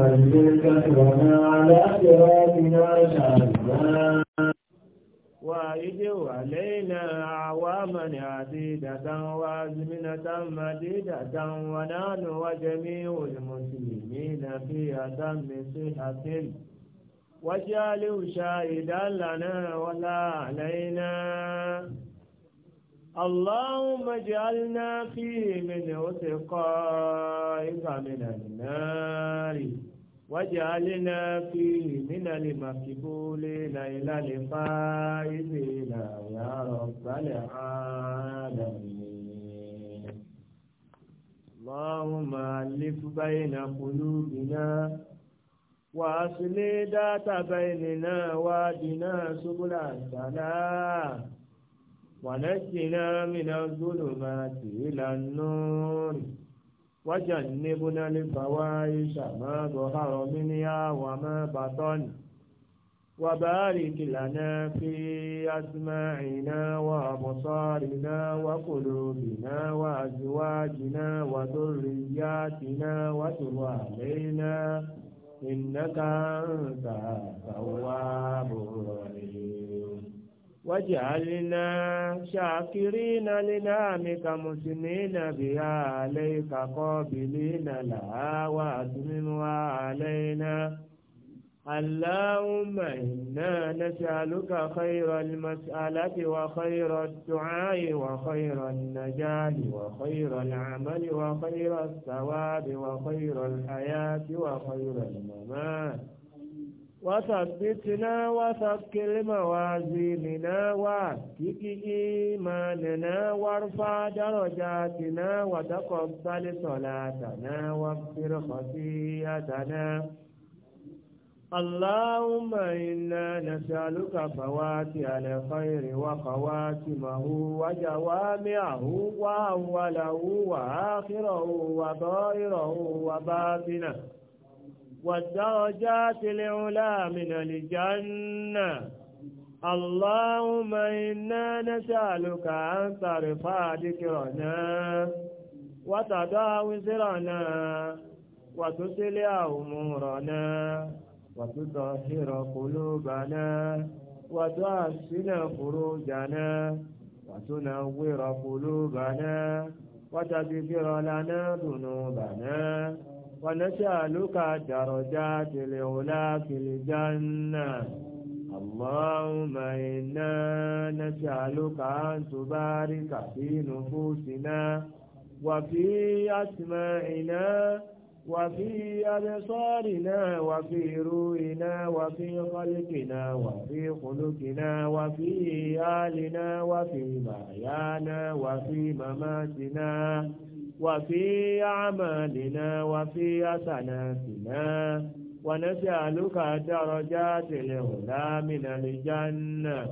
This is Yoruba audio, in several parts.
مجلسك وما على صراطنا شهدنا وأجو علينا أعواما عديدة وأزمنة مديدة ونحن وجميع المسلمين في أتم صحة واجعله شاهدا لنا ولا علينا اللهم اجعلنا فيه من أتقائك من النار واجعلنا فيه من المقبولين إلى الفائزين يا رب العالمين اللهم ألف بين قلوبنا وأصلي ذات بيننا وادنا سبل السلام ونجنا من الظلمات إلى النور wájà níbúnálé bàwá ìṣà máa gọ̀hárọ̀ mí ní àwọn máa bàtọ́nì وبارك لنا في أسماعنا وأبصارنا وقلوبنا وأزواجنا وذرياتنا وتب علينا إنك أنت التواب الرحيم واجعلنا شاكرين لنعمك مسلمين بها عليك قابلين لها وأتممها علينا اللهم إنا نسألك خير المسألة وخير الدعاء وخير النجاة وخير العمل وخير الثواب وخير الحياة وخير الممات وثبتنا وثقل موازيننا واهتك إيماننا وارفع درجاتنا وتقبل صلاتنا واغفر خطيئتنا اللهم إنا نسألك فواتح الخير وخواتمه وجوامعه وأوله وآخره وظاهره وباطنه والدرجات العلا من الجنة اللهم إنا نسألك أن ترفع ذكرنا وتدع وزرنا وتسلع أمورنا وتطهر قلوبنا وتحسن خروجنا وتنور قلوبنا وتغفر لنا ذنوبنا ونسألك درجات العلا في الجنة اللهم إنا نسألك أن تبارك في نفوسنا وفي أسمائنا وفي أبصارنا وفي روئنا وفي خلقنا وفي خلقنا وفي آلنا وفي معيانا وفي مماتنا وفي أعمالنا وفي حسناتنا ونسألك درجات العلا من الجنة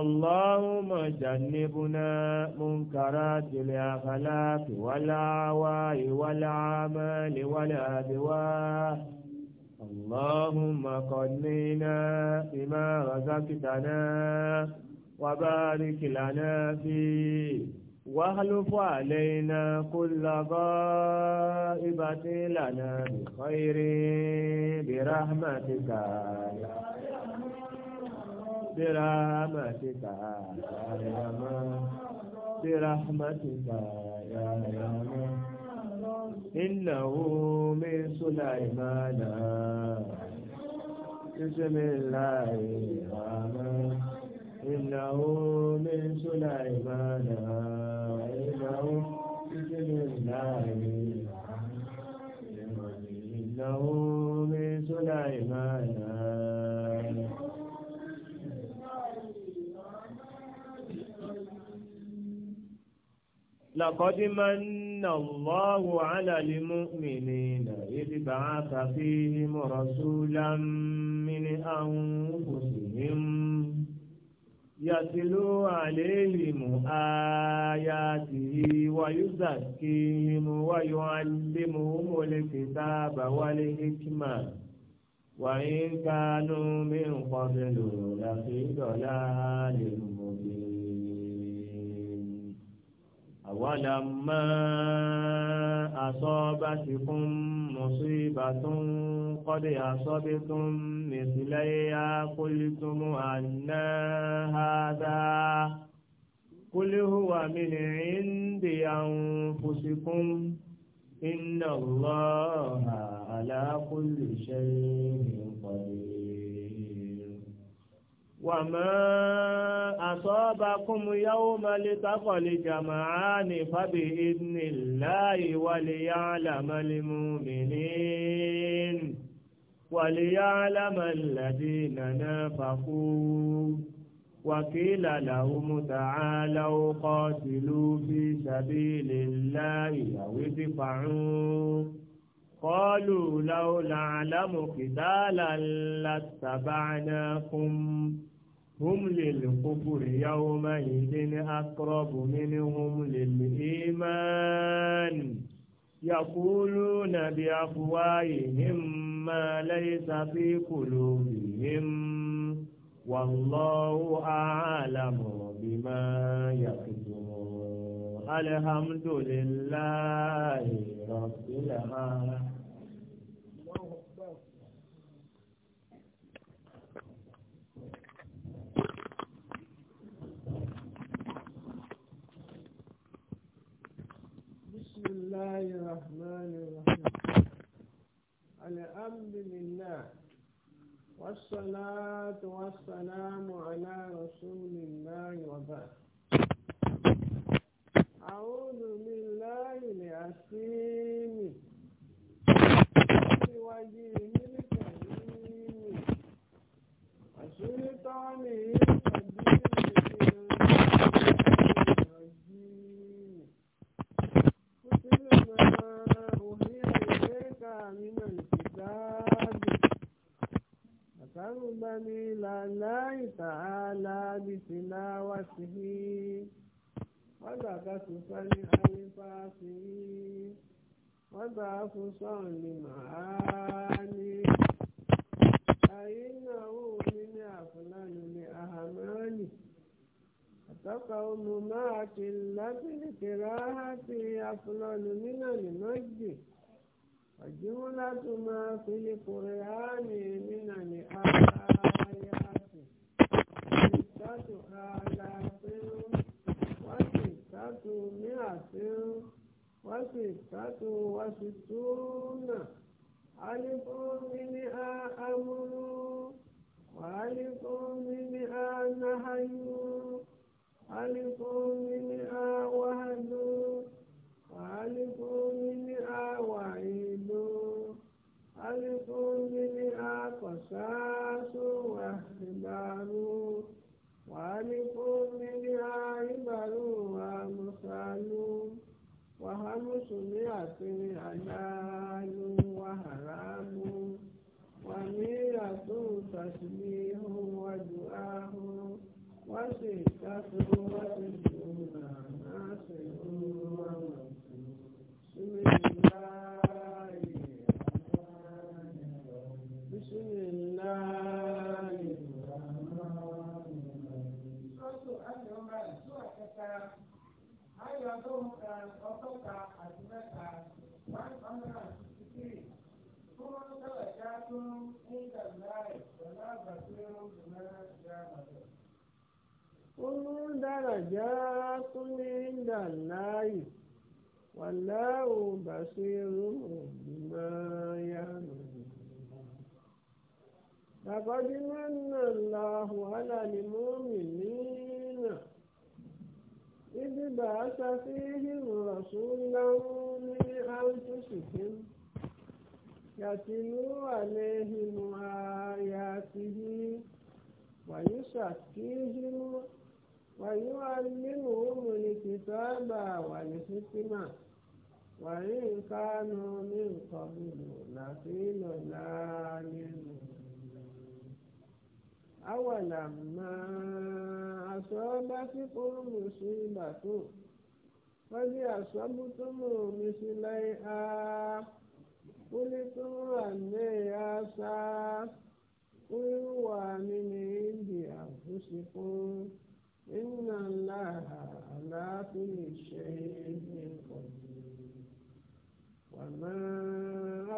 اللهم جنبنا منكرات الأخلاق والأعواء والأعمال والأدواء اللهم قنينا بما رزقتنا وبارك لنا فيه واهلف علينا كل غائبة لنا بخير برحمتك برحمتك يا برحمتك يا إنه من سليمان بسم الله الرحمن إنه من سليمان إنه بسم الله إنه من سليمان لقد من الله على المؤمنين إذ بعث فيهم رسولا من أنفسهم يتلو عليهم آياته ويزكيهم ويعلمهم الكتاب والحكمة وإن كانوا من قبل لفي ضلال مبين أولما أصابتكم مصيبة قد أصبتم مثليها قلتم أن هذا قل هو من عند أنفسكم إن الله على كل شيء قدير وما أصابكم يوم التقى الجمعان فبإذن الله وليعلم المؤمنين وليعلم الذين نافقوا وقيل لهم تعالوا قاتلوا في سبيل الله أو ادفعوا قالوا لو نعلم قتالا لاتبعناكم هم للكفر يومئذ أقرب منهم للإيمان يقولون بأفواههم ما ليس في قلوبهم والله أعلم بما يكتمون الحمد لله رب العالمين الله الرحمن الرحيم الحمد لله والصلاة والسلام على رسول الله وبعد أعوذ بالله العظيم بوجهه الكريم وسلطانه القديم ala ahụbalilana yịta a na-alite na-awapehi aaua aịpa apụ abakụkọ ma ị anyị naw omefulaụ ahami ataa omụmaapịla pilitere aha pịrị ya fulanụade ntde الجملة ما في القرآن من الآيات ستة آلاف وستة مئة وستة وستون ألف منها أمر وألف منها نهي ألف منها وهد وألف منها alifúnbíníà kọ̀sáàsù wà ìbàrú wà alifúnbíníà ìbàrú wà mùsàlù wà hàmùsùnmí àti àdáàlú wà hàrámù wà míràtú tàṣìlíhù wà dùáhù wà sì ìtàkùn wà sì dùn náà náà sì ń wà mọ̀. ọgọ́ta àti mẹ́ta one hundred and sixty three fún sọ̀rọ̀ ìjà tó ń gbàgbá ẹ̀ pẹ̀lú àgbàdo ìmọ̀ràn ìjà àgbàdo. Kúnlún dàràjà kúnlẹ̀ ń dà láàyè wàláwò bàṣírù bímọ yánu. لقد من الله على المؤمنين ya idiba akata ihi nụrọtụmanwụi atụsii yatiaehiha i twanyeaịa ụmụliit agba waiitima nwaye nke anụ nkọụ na nọ naraelu awalama àsọ́básíkò mùsùn ìgbà tó wọ́n di àsọ́bùtúmù mi sí láyé á kúlítúmù àlẹ́ á sá kúrúwà mi ní ìdí àfúsìkò iná ńlá àlàáfíà ìṣe ní ìkọ̀jú. وما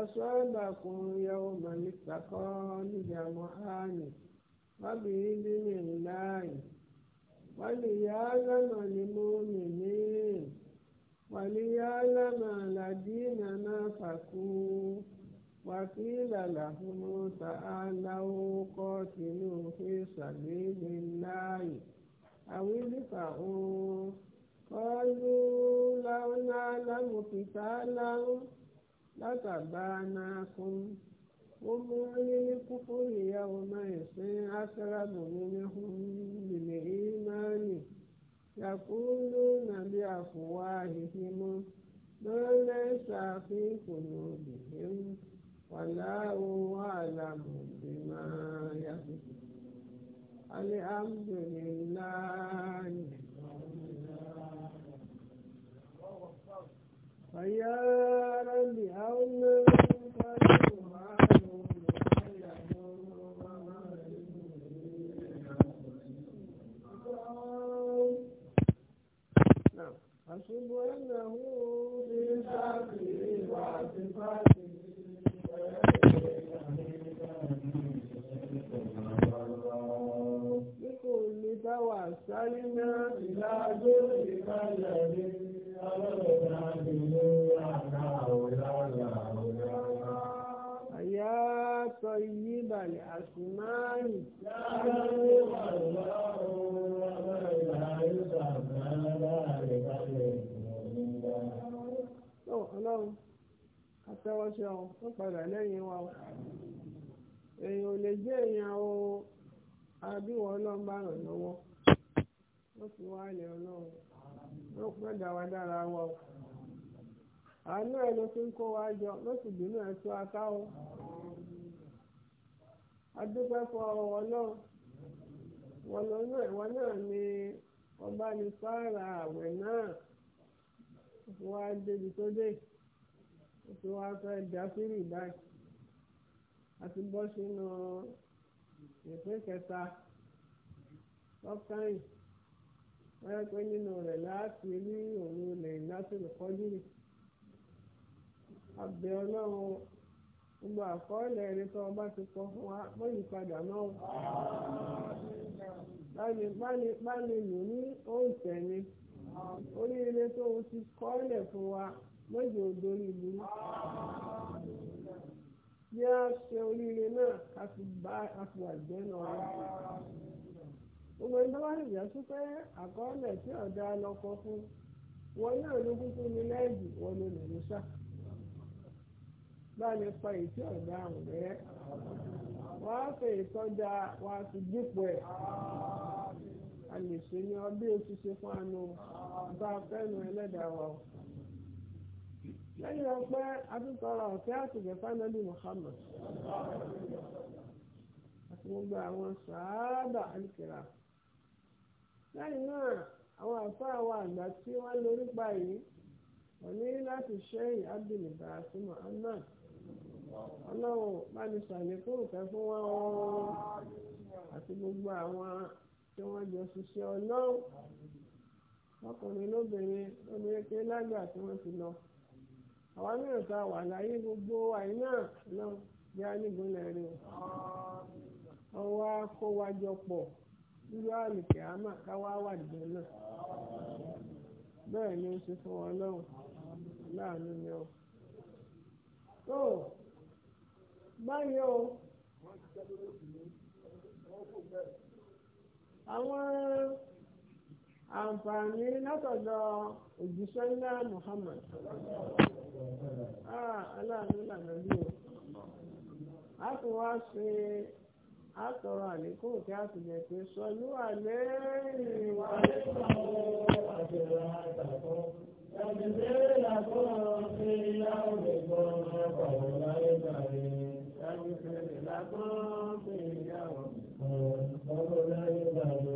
أصابكم يوم التقى الجمعان فبإذن الله وليعلم المؤمنين وليعلم الذين نافقوا وقيل لهم تعالوا قاتلوا في سبيل الله أو ادفعوا قالوا لو نعلم قتالا لتبعناكم والكفر يومئذ أسلم منهم من إيمان يقولون بأفواههم ما ليس في قلوبهم والله أعلم بما يكسبون الحمد لله فيا رب أولى àṣìbò ẹ̀nà mú ní sáàbì ìwà àti fáàbì bí kò ní báwà sáré náà ìlà ajé ìbálẹ̀ ní alọ́lọ́dá ìlú àgbà òyà òyà òyà. àyà sọ yí balẹ̀ àṣùmáàrì. yára ní wàlúwà. ọlọ́run ṣe ọ̀hún ó padà lẹ́yìn wa o èèyàn ò lè jẹ́ èèyàn o àbíwọ̀ ọlọ́run bá ràn lọ́wọ́ fi wá ọlọ́run o àánú ẹ̀ ló fi ń o adúpẹ́ ọwọ́ náà náà ni ọba ní àwẹ̀ náà wọ́n á ètò wa fẹ́ báyìí a ti bọ́ sínú ìpín kẹta lọ́kàn yìí wọ́n yẹ pé nínú rẹ̀ láti rí òun lè lásìlò kọ́júrì àbẹ̀ ọlọ́run gbogbo àkọọ́lẹ̀ ẹni tó ọba ti kọ fún wa padà náà lò ní oúnjẹ ni tó ti fún wa mọ́jọ òdorí ìlú bí a ṣe oríire náà ká fi bá a fi náà wá. gbogbo ẹni tó bá lè jásí pé tí ọ̀dà fún a pa ètí ọ̀dà àrùn rẹ̀ wọ́n á fẹ́ ìtọ́jà wọ́n á fi dípò ẹ̀ a lè ṣe ní ọdún ètùtù fún àánú bá a ẹlẹ́dàá wa lẹ́yìn ọpẹ́ adúntọ́ra ọ̀tẹ́ àtìgẹ̀fà nàbí Muhammad àti gbogbo àwọn sàádà alìkìrà lẹ́yìn náà àwọn àfa àwọn àgbà tí wọ́n lórí pa yìí wọ́n ní láti ṣe ìhábìlìbà àti Muhammad ọlọ́run báni ṣàlékún ìfẹ́ fún wọn àti gbogbo àwọn tí wọ́n jọ ṣiṣẹ́ ọlọ́run ọkùnrin lóbìnrin lóbìnrin pé lágbà tí wọ́n ti lọ. àwa náà ta wà láyé gbogbo àìná náà bí a níbo náà rí o ọwọ́ kó wa jọ pọ̀ irú àlùkè àmà káwá wà dìbò náà bẹ́ẹ̀ ni ó ṣe fún wọn náà láàánú ni ó. tó o àwọn. àǹfààní látọ̀dọ̀ òjíṣẹ́ ńlá Muhammad ah, aláàánú lànà bí o a tún wá ṣe àtọ̀rọ̀ àlékún kí a sì lè pé sọlú àlẹ́ ìwà Thank you.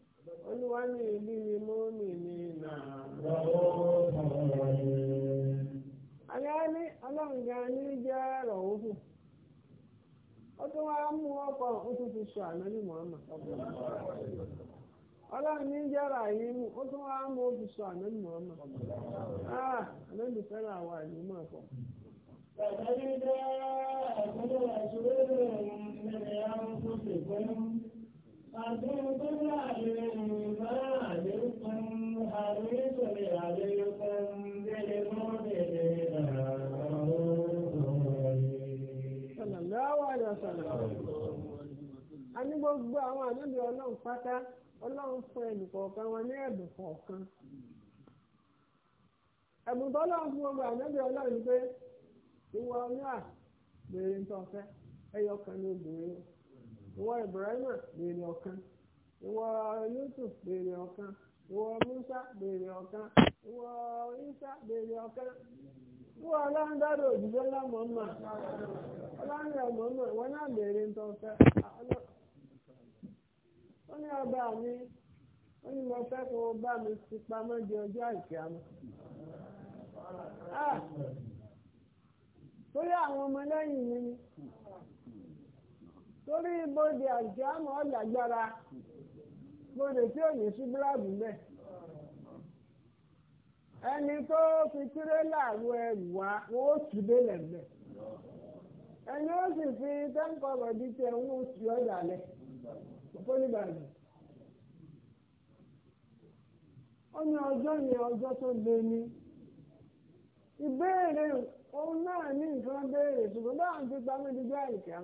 olúwa ní ìlú ni mọ́mí ni nà aláàní ọlọ́ǹga ní jẹ́ rọ̀wọ́fù ó tún wá mú ọkọ̀ ó tún fi sọ ànábì mọ́mà ọlọ́run ní jẹ́ ràhímù ó tún wá mú ó fi sọ ànábì mọ́mà ah ànábì fẹ́ràn àwọn أتمتم عليهم فعليكم حريص عليكم بالمؤمنين صلى الله عليه a ní gbogbo àwọn ànábì ọlọ́run pátá ọlọ́run fún ẹnìkọ̀ọ̀kan wọn ní ẹ̀bùn kọ̀ọ̀kan ẹ̀bùn tó lọ́run fún gbogbo ànábì ọlọ́run pé ìwọ ọlọ́à béèrè ń tọ́ fẹ́ ní obìnrin ìwọ ibrahima béèrè ọ̀kan ìwọ yusuf béèrè ọ̀kan ìwọ musa béèrè ọkan. ìwọ isa béèrè ọ̀kan ìwọ ọlọ́ńdàdọ̀ òjijì ńlá mọ̀ọ́mà ọlọ́ńdà ìwọ náà béèrè ńtọ́ fẹ́ ó ọba mi ó ní bá mi ti pamọ́ di ọjọ́ ah! torí àwọn torí bóde àjọ àmọ́ ọ̀làgbára bóde tí ò ní sí búláàbù bẹ́ẹ̀ ẹni tó fi tírélà ẹrù wá ó tù délẹ̀ bẹ́ẹ̀ ẹni ó sì fi tẹ́ǹkọ̀rọ̀ di tiẹ̀ wọn ó tù ọ̀dà lẹ̀ kó níbàdàn. ó ní ọjọ́ yẹn ọjọ́ tó le ní ìbéèrè òun náà ní nǹkan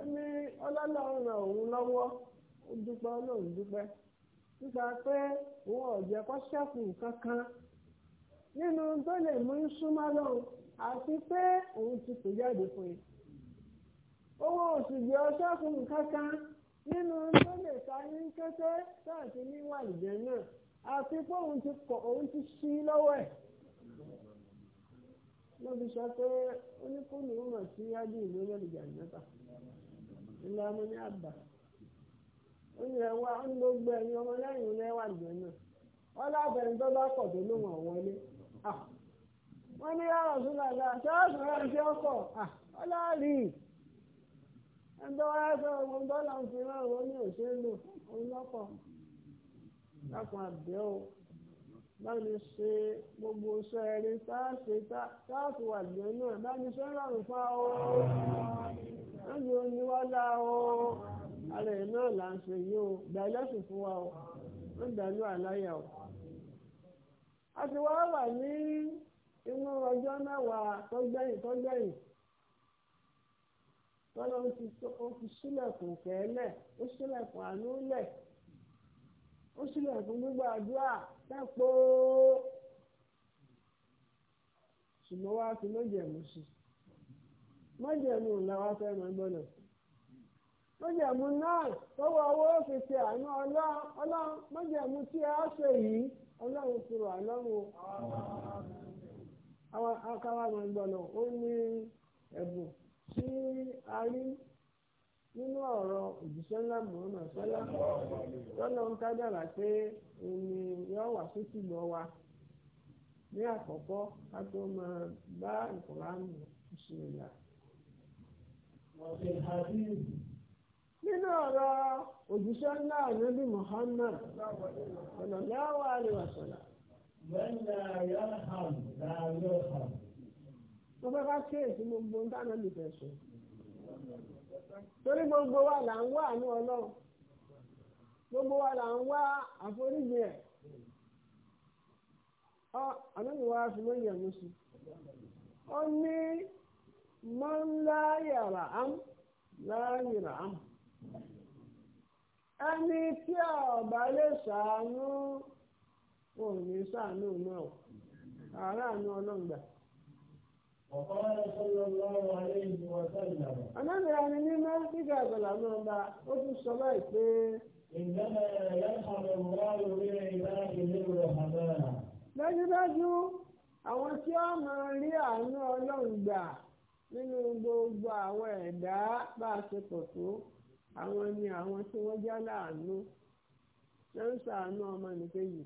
ó ní ọlọ́lọ́run ràn òun lọ́wọ́ ó dúpẹ́ ọlọ́run dúpẹ́ nípa pé òun ọ̀jẹ̀ kọ́ ṣẹ́kù kankan nínú tó lè mú súnmọ́ lọ́run àti pé òun ti pè jáde fún yìí owó oṣù jẹ́ ṣẹ́kù kankan nínú tó lè ta ní kété sáàtì níwà ìjẹ náà àti pé òun ti kọ òun ti ṣí lọ́wọ́ ẹ̀ ló sọ pé oníkùnrin mọ̀ sí ájú ìlú lórí ìjà ìjọba ìlà ọmọ ní àbá oúnjẹ wa ń gbogbo ẹ̀yin ọmọ lẹ́yìn lẹ́wà jẹ náà wọ́n lábẹ́rin tó bá pọ̀ tó ló wọ̀n wọlé wọ́n ní yàrá òṣùlàgbà ṣọ́ọ̀ṣì rẹ̀ ṣe ọkọ̀ ọlọ́ọ̀rì ẹgbẹ́ wa ẹgbẹ́ ọgbọ́n bọ́lá ń fi rán òun ní òṣèlú òun lọ́kọ̀ lápá àbẹ́ o bá mi ṣe gbogbo iṣẹ́ ẹni tá a ṣe tá a fi wà jẹ́ náà bá mi ṣe rọrùn fáwọn. lójú oníwọ́lá o ara ẹ̀ náà là ń ṣe yìí o gbà fún wa o ó dàlú àláyà o. a ti wá wà ní inú ọjọ́ mẹ́wàá tó gbẹ̀yìn tó gbẹ̀yìn tọ́lọ́ ó fi sílẹ̀kùn kẹ́lẹ̀ ó sílẹ̀kùn àánú lẹ̀ ó sílẹ̀kùn gbígbà àdúrà ṣùgbọ́n wá fi lóye sí i. mọ́jẹ̀mú làwọn fẹ́ máa gbọ́nà mọ́jẹ̀mú náà tọwọ́ owó fi ṣe àánú ọlọ́run mọ́jẹ̀mú tí a ṣe yìí ọlọ́run ti rà àwọn akáwá tí a rí nínú ọ̀rọ̀ òjíṣẹ́ ńlá mọ̀ọ́mà sọ́lá lọ́nà ń pé wà sókè lọ wa ní àkọ́kọ́ ká tó nínú ọ̀rọ̀ òjíṣẹ́ ńlá ànábì Muhammad sallallahu alaihi wasallam. wọ́n fẹ́ ká kíyèsí gbogbo dáná lè torí gbogbo wa là ń wá àánú ọlọ́run gbogbo wa là ń wá àforíjì ẹ̀ ànábì wa fi sí. man la yarham la am. ẹni tí ọba lè ṣàánú ò ní ṣàánú ní Mẹ́ríkà àgbàlá náà bá ó tún sọ báyìí pé. Ìjọba ẹ̀yà kan lórí ìlà ìlú Rọ̀hánà. Dájúdájú, àwọn tí ó máa rí àánú ọlọ́run nínú gbogbo àwọn ẹ̀dá bá a ṣe pọ̀ tó àwọn ni àwọn tí wọ́n já láàánú wọ́n ń ṣàánú ọmọnìkejì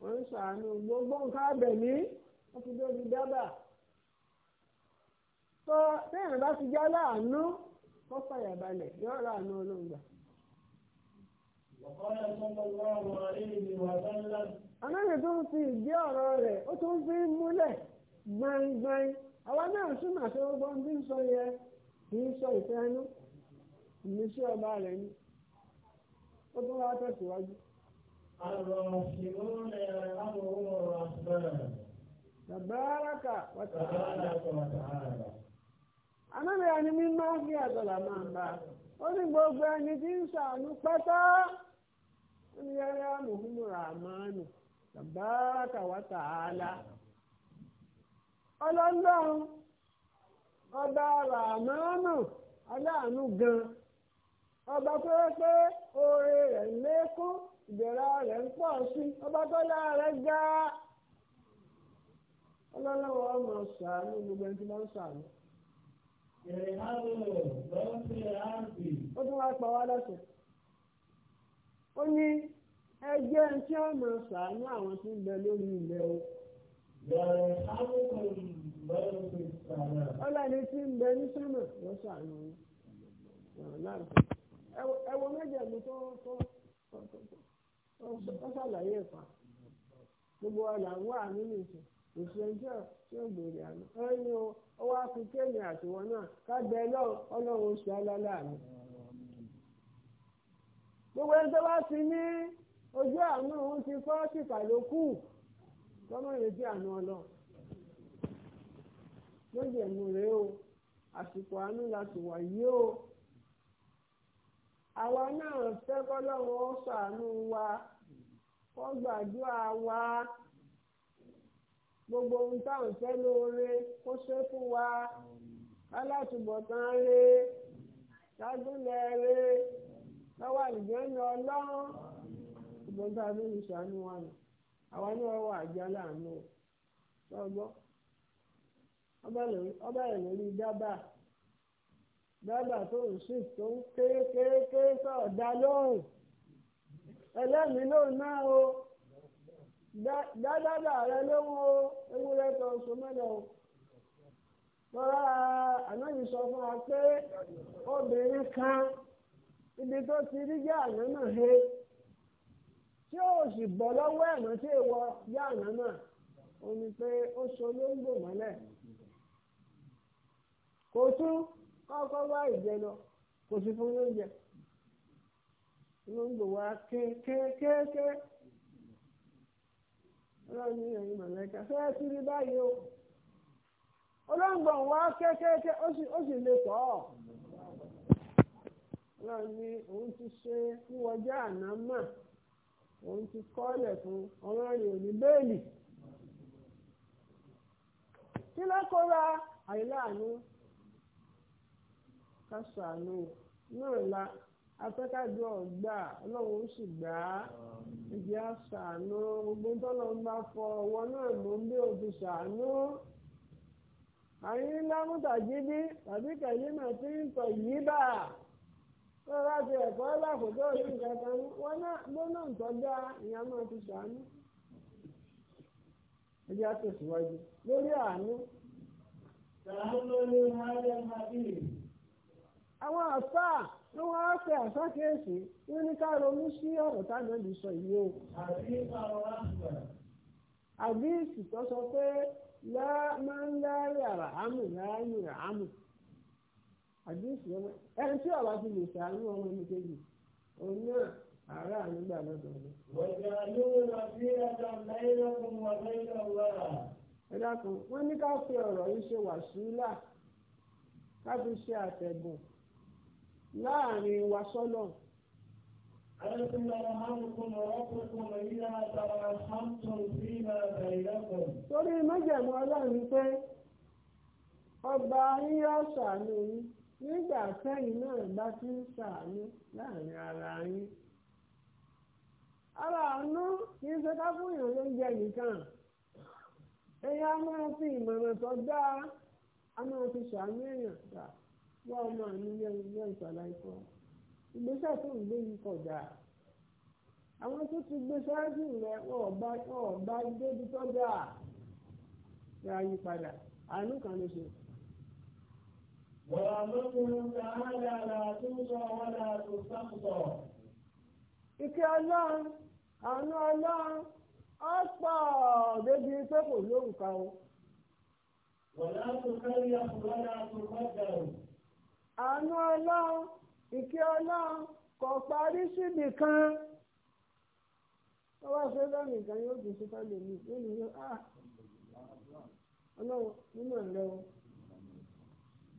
wọ́n ń ṣàánú gbogbo nǹkan abẹ̀mí wọ́n fi dóbi dábàá tó téèyàn bá ti já láàánú kó fàyà balẹ̀ láàánú olóńgbà. fi ọ̀rọ̀ rẹ̀ ó tún fi ń múlẹ̀ àwa náà súnmọ́ ṣe gbogbo ohun tí ń sọ yẹ kì í sọ ìfẹ́ ẹnu ìmísí ọba rẹ̀ ni ó tún wá tẹ̀síwájú. àrùn òṣèlú rẹ̀ amòhùn ọ̀rọ̀ àṣẹ. tàbáraka wàtà ààrẹ. anábìyà ni mímọ́ bí àtọ̀là máa ó ní gbogbo ẹni tí ń sàánú pátá ó ní àmọ́ ọlọ́lọ́run ọba ràmánù aláàánú gan-an ọba tó yẹ pé oore rẹ̀ ń lékún ìdẹ̀ra rẹ̀ ń pọ̀ sí ọba tó láàrẹ já ọlọ́lọ́wọ́ ọmọ ṣàánú gbogbo ẹni tí wọ́n ń ṣàánú. ó tún wá pa wá lọ́sẹ̀ ó ní ẹgbẹ́ ẹni tí wọ́n mọ̀ ṣàánú àwọn tí ń bẹ lórí ilẹ̀ o. ọla ọlọ́ni tí ń bẹ ní sánmà ló ṣàánú lára ẹwọ méjèèmí tó ṣàlàyé ẹ̀fà gbogbo ọ̀là ń wà nínú ìṣẹ̀ ìṣẹ́jọ́ tí ó gbèrè àná ẹni ó wá fi kéèmì àtiwọ́ náà ọlọ́run oṣù alálà mi. gbogbo ojú àánú ti fọ́ sípàlókù. lọ́mọ ìrètí àná ọlọ́run lójú ẹ̀mú rèé o àsìkò àánú o àwa náà fẹ́ kọ́lọ́run ó wa gbàdúrà wa gbogbo ohun táwọn fẹ́ lóore kó ṣe fún wa alátùbọ̀tán rè ṣágúnlẹ̀ rè lọ́wọ́ àlùjẹ́ ń lọ ọlọ́run ìbọn tá a àwa náà wà àjọ láàánú lọ́gbọ́ ọba rẹ̀ daba dábàá dábàá tó ń sùn tó ń kéré kéré kéré dá lóhùn ẹlẹ́mìí o dábàá rẹ lóhùn ewúrẹ́ tó ń sọ anọghị sọ fún wa pé obìnrin kan ibi tó ti rí jẹ́ àná he. tí ó sì bọ̀ lọ́wọ́ ẹ̀ràn tí èèwọ̀ yá àná náà ó ní pé ó so olóńgbò mọ́lẹ̀ kò tún kọ́kọ́ wá ìjẹ lọ kò sì fún lóúnjẹ olóńgbò wá kéékéékéé ọlọ́run ní ẹ̀yin mọ̀lẹ́ka fẹ́ẹ́ sí ní báyìí o olóńgbò wá kéékéékéé ó sì lè tọ́ ọ ọlọ́run ní òun ti ṣe fún ọjọ́ òun ti kọ́lẹ̀ fún ọmọ rẹ̀ òní bẹ́ẹ̀lì kí ló àìláàánú kásánú náà la afẹ́kájọ ọ̀gbà ọlọ́run ó gbà á ìdí àṣàánú gbogbo tọ́lọ́ ń bá fọ ọwọ́ náà ló ń bí òbí ṣàánú àyínlá mú bí tàbí kẹ̀yìn náà ti wọ́n bá ka ẹ̀kọ́ lákòókò orí nǹkan kan ní wọ́n náà gbóná ìtọ́já ìyá máa ti sàánú. ẹ àtẹ̀síwájú lórí àánú. àwọn àfà ni wọ́n á fẹ́ àfà kéèsì wọ́n ní ká ronú sí ọ̀rọ̀ táwọn ẹ̀dùn sọ yìí o. àbí ìsìtọ́ sọ pé máa ń àdéhùn ọmọ ẹni tí ọba ti lè ṣàánú ọmọ ẹni kejì òun náà àárẹ̀ ànígbà lọ́dọ̀ rẹ̀. wọ̀jà yóò lọ sí ẹja lẹ́yìnlọ́kùn wà lẹ́yìnlọ́wà. ẹ dákun wọn ní ká fi ọ̀rọ̀ yìí torí pé ọba ihe yóò ṣàánú nígbà sẹ́yìn náà bá ti ń ṣàánú láàrin ara yín ara àánú kì í ṣe ká fún èèyàn lóúnjẹ nìkan èèyàn a máa fi ìmọ̀ràn tó dáa a máa fi èèyàn gbà wá ọmọ mi yẹ ilé ìsàlẹ̀ ìgbésẹ̀ tó ń gbé yìí dáa àwọn tó ti gbé أمركم تعالى لا توصى ولا تستقصى Ike ọlọ́run, àánú ọlọ́run, ó pọ̀ débi pé kò lórúkà o. Wọ̀lá tó kárí àkùrọ́lá tó kọjá o. Àánú ọlọ́run, ike ọlọ́run kò parí síbì kan. Wọ́n wá ṣe lọ́nà ìgbà yóò dùn sí fámìlì. Ó ní ah, ọlọ́run nínú ẹ̀rẹ́ o.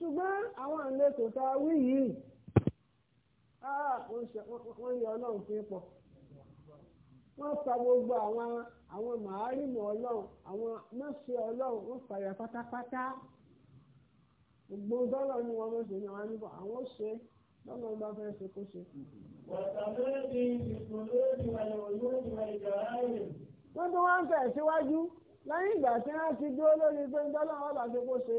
ṣùgbọ́n àwọn àlejò tá a wí yìí wọ́n yọ ọlọ́run fún pọ̀ wọ́n fa gbogbo àwọn àwọn màárìmọ̀ ọlọ́run àwọn mọ́ṣẹ́ ọlọ́run wọ́n fàyà pátápátá gbogbo dọ́là ni wọ́n mọ̀ sí ní àwọn àníbọ̀ àwọn ó ṣe lọ́nà ọba fẹ́ ṣe kó ṣe. wọ́n tún wá ń tẹ̀ lẹ́yìn ìgbà tí wọ́n ti dúró lórí pé dọ́là wọn bá kó ṣe.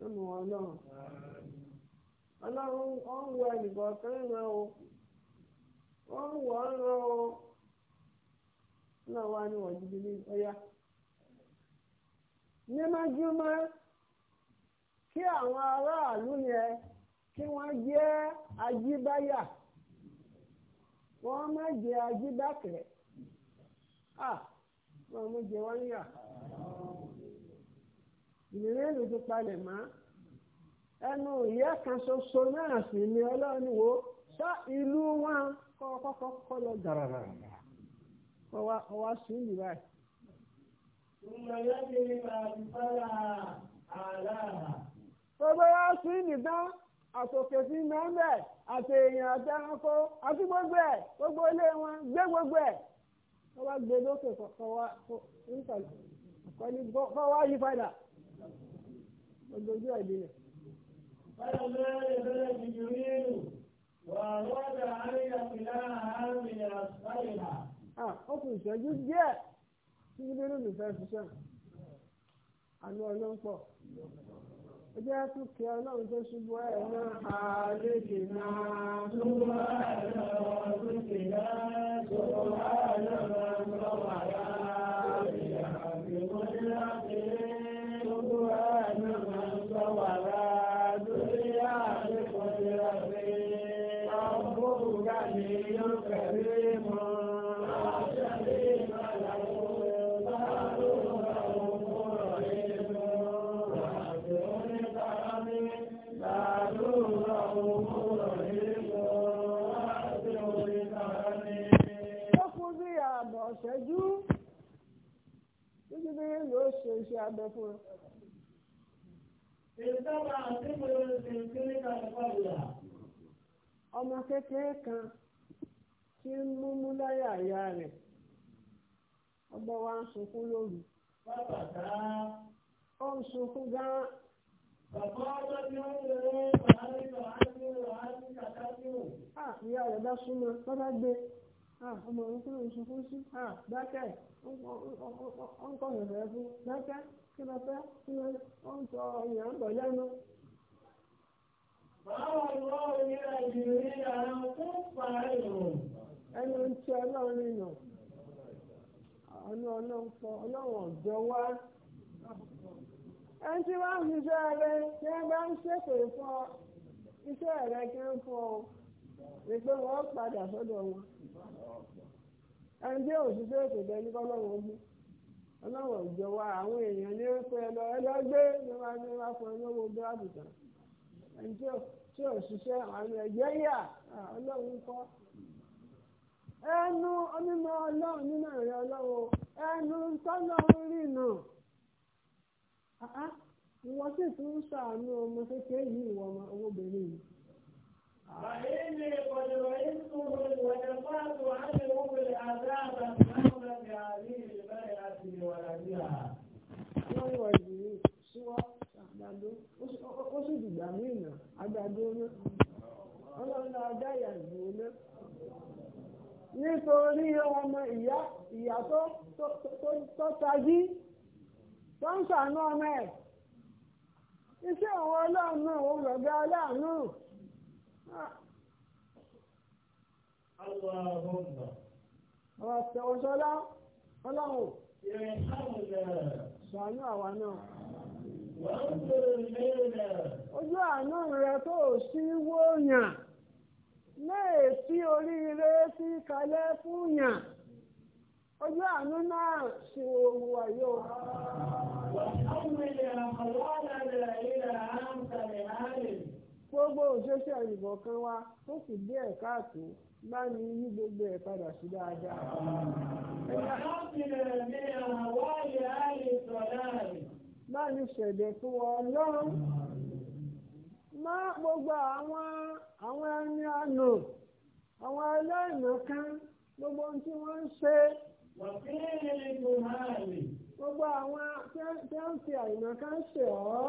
nínú ọlọ́run ọlọ́run ó ń wọ ẹnìkan kan ràn o ó ń wọ̀ ọ́ ràn o ọlọ́run wá ní wọ̀nyí bíbí ọ̀yá ní májúmọ́ kí àwọn aráàlú yẹn kí wọ́n jẹ́ ajíbáyà wọ́n má jẹ́ ajíbákẹ́ ah wọ́n mú wọ́n yà ìrírẹ́ ló ti palẹ̀ mọ́ ẹnu ìyá kan ṣoṣo náà sì ni ọlọ́run wo sọ ìlú wọn kọ́ kọ́kọ́ kọ́ lọ gàràrà kọ́ wa kọ́ wa sùn yìí báyìí. ìmọ̀ lẹ́bi máa ń bára àlá. gbogbo wa sùn nìkan àtòkè sí nọ́ńbẹ̀ àti èèyàn àti ẹranko àti gbogbo ẹ̀ gbogbo ilé wọn gbé gbogbo ẹ̀ kọ́ wa gbé lókè kọ́ wa kọ́ wá yí padà. gbogbo ojú ẹ̀ lílẹ̀. ó kù ìṣẹ́jú díẹ̀ tí bíbélì mi fẹ́ ṣiṣẹ́ àánú ọlọ́run pọ̀ ó jẹ́ kó kí ọlọ́run tó ṣubú ẹ̀ yóò ṣe iṣẹ́ abẹ fún ọ. ìjọba àti ìgbèrè ìpínlẹ̀ ìpàdé. ọmọ kékeré kan tí ń múmú láyà ìyá rẹ̀ ọgbọ́ wa ń sunkún lóru. bàbá ká. ó ń sunkún gan-an. bàbá ọjọ́ tí ó ń lè rẹ́ ìpàdé ìpàdé ìpàdé ìpàdé. ìyá rẹ̀ bá súnmọ́ bá bá gbé. Ah, ọmọ òun kúrò ń sunkún sí ah, dákẹ́ ó ń kọ́ ìrẹ̀ fún dákẹ́ kí ló fẹ́ kí ló ó ń sọ ìyàn bọ̀ lẹ́nu. báwo ni wọ́n ò ní àìsírí àwọn tó parí o. ẹnu ń tí ọlọ́run nínú ọ̀nà ọlọ́run fọ ọlọ́run ọ̀jọ́ wá. ẹni tí wọ́n ń ṣiṣẹ́ rẹ̀ tí wọ́n bá ń ṣèpè fún iṣẹ́ rẹ̀ kí ń fún ọ. pé wọ́n padà sọ́dọ̀ wọn. ẹni òṣìṣẹ́ ètò ìgbẹ́ni kọ́ lọ́wọ́ ọlọ́wọ́ ìjọba àwọn èèyàn ní ó pẹ́ lọ ẹlọ́gbé ní wọ́n ní wọ́n tí òṣìṣẹ́ àwọn yà ọlọ́run kọ́ ẹnu onímọ̀ ọlọ́run nínú ẹ̀rẹ́ ẹnu sì tún ń ṣàánú فإني قد رئيسه ودفعت عنهم العذاب الأمر بهذه البيعة ولدها. ó sì dìgbà míì nà àgbàdo ní ọlọ́run náà dá ìyàgbò ní. nítorí ọmọ ìyá ìyá tó tó tají tó ń ṣàánú ọmọ ẹ̀ iṣẹ́ òun ọlọ́run náà òun lọ̀gá aláàánú ọ̀rọ̀ tẹ̀wọ̀sọ́lá ọlọ́run ṣàánú àwa náà ojú àánú rẹ tó sí wóyàn léè sí oríire sí kalẹ̀ fún yàn ojú àánú náà ṣe òwò àyò. wàhálà ìlànà àwọn àlàyé. gbogbo òṣèṣẹ́ ìbọn kan wá tó kù ẹka káàtó bá ní ní gbogbo ẹ̀ padà sí dáadáa. bá ní ṣẹ̀dẹ̀ fún ọ lọ́rùn má gbogbo àwọn àwọn ẹni àná àwọn ẹlẹ́nà kan gbogbo ohun tí wọ́n ń ṣe. gbogbo àwọn tí wọ́n ń fi àìmọ̀ kan ṣe ọ́.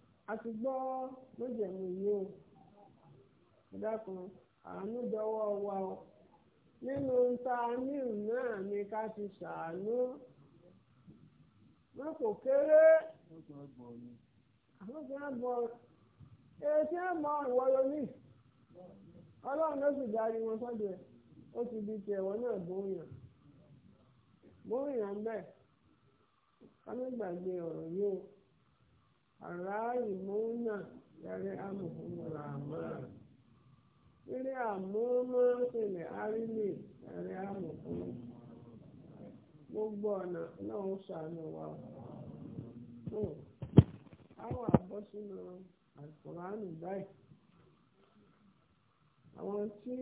a ti gbọ́ lójẹ̀mú yìí o dákun àánú dọwọ́ wa o nínú ta míì náà ni ká ti ṣàánú wọn kò kéré àwọn kí wọn bọ èyí tí wọn ọlọ́run ló sì darí wọn sọ́dọ̀ ẹ̀ ó ti di náà bẹ́ẹ̀ ká gbàgbé aráàlúmọ́nà yẹrẹ amòhùnmọ́ra àmọ́ra yẹrẹ àmọ́mọ́ ṣẹlẹ̀ árílè yẹrẹ amòhùn gbogbo ọ̀nà náà ń ṣàánú wa àwọn àbọ́sínú àlùkòránù báyìí àwọn tí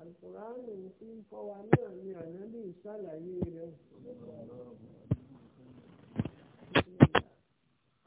àlùkòránù ti ń kọ́ náà ni ànábì ìṣàlàyé rẹ̀.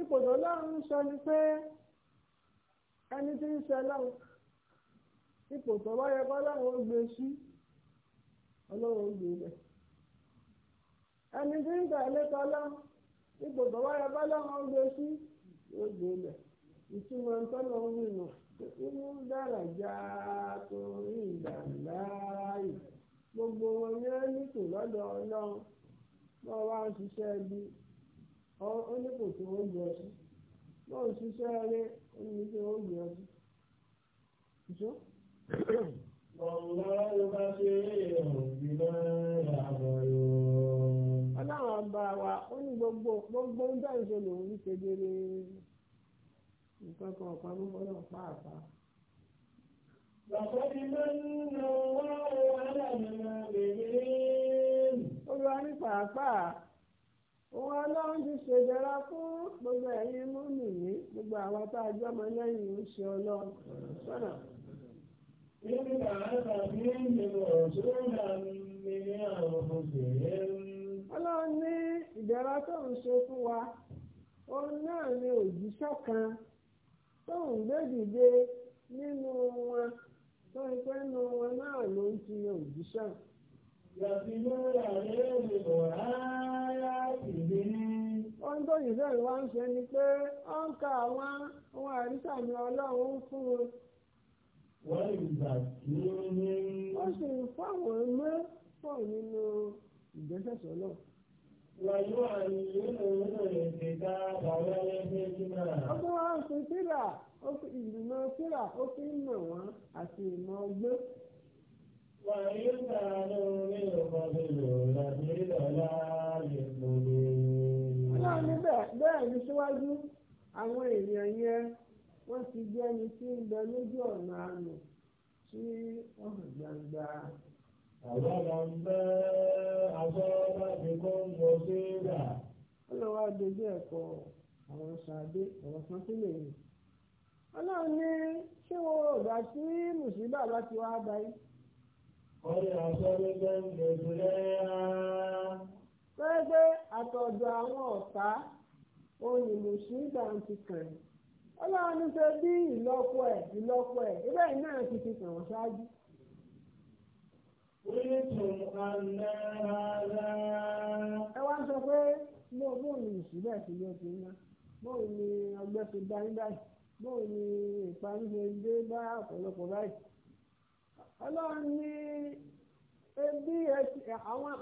ipò tó lọ́run sọ ni pé ẹni tí ń ṣe lọ́run ipò tó bá yẹ kọ́ lọ́run ó gbé sí ọlọ́run ó gbé bẹ̀. ẹni tí ń tẹ̀lé kọ́ lọ́run ipò tó bá yẹ kọ́ lọ́run ó gbé sí ó gbé bẹ̀. ìtumọ̀ ntọ́nà ń rìn nù inú dára já tó rí ìdàgbà yìí gbogbo wọn ní ẹni tò lọ́dọ̀ ọlọ́run lọ́wọ́ wá ń ṣiṣẹ́ bíi ó ní kò tí wọ́n gbé ọtí ṣiṣẹ́ eré ó ní kí wọ́n gbé ọtí. ìṣó. ló bá ṣe òbí náà àbọ̀ yòó. ọlọ́run ọba wa ó ní gbogbo gbogbo ń dáhùn ṣe lòun ní kedere nǹkan kan ọ̀pá mímọ́ náà pàápàá. Bàbá mi máa ń náwó àwọn aláìní náà lè Olúwa ní pàápàá. òun ọlọ́run ti ṣèjọra fún gbogbo ẹ̀yin múmi ní gbogbo àwọn tá a jọ ọmọ lẹ́yìn ń ṣe ọlọ́run sọ́nà. nígbà àtàbí ìgbìmọ̀ tó dà mí ní àwọn obìnrin. ọlọ́run ní tó ń ṣe wa òun náà ni òjíṣẹ́ kan tó ń gbé nínú wọn tó ń pẹ́ wọn يَتْلُونَ عَلَيْهِمْ آيَاتِهِ Wọ́n tó ń ṣe ni pé ó ń ka àwọn ohun àrísàmì Ọlọ́run ń fún wọn. Wọ́n ìgbà tí ó ní. Ó sì ń fáwọn ọmọ pọ̀ nínú ìgbésẹ̀sọ náà. Wàyú àyè nínú nínú èdè ká bàbá ẹgbẹ́ sílà. Ọgbọ́n wa ń fi sílà, ìgbìmọ̀ sílà ó fi ń mọ̀ wọ́n àti ìmọ̀ ọgbẹ́. Ọlọ́run ní bẹ́ẹ̀ ní síwájú àwọn èèyàn yẹn wọ́n ti jẹ́ ẹni tí ń bẹ lójú ọ̀nà àmì sí ọ̀hún gbangba. Àbára ń bẹ́ aṣọ láti kó ń lọ sí ìgbà. Ọlọ́wọ́ dojú ẹ̀kọ́ àwọn ṣàdé ọ̀rọ̀ kan sílẹ̀ yìí. Ọlọ́run ní ṣé wo ìgbà tí mùsùlùmí bàbá ti wá báyìí? pẹ́ẹ́pẹ́ àtọ̀dọ̀ àwọn ọ̀tá onímọ̀ṣí ìgbà ń ti kàn yín ọlọ́run ní ṣe bí ìlọ́pọ̀ ẹ̀ ìlọ́pọ̀ ẹ̀ ibẹ̀ náà ti fi kàn wọ́n ṣáájú. ẹ wá ń sọ pé mo bóun ní ìṣúbẹ̀ sí ló ti ń ná bóun ní ọgbẹ́ ti dá ní báyìí bóun ní ìparí ṣe dé bá ọ̀pọ̀lọpọ̀ báyìí. ọlọ́run ní ebi àwọn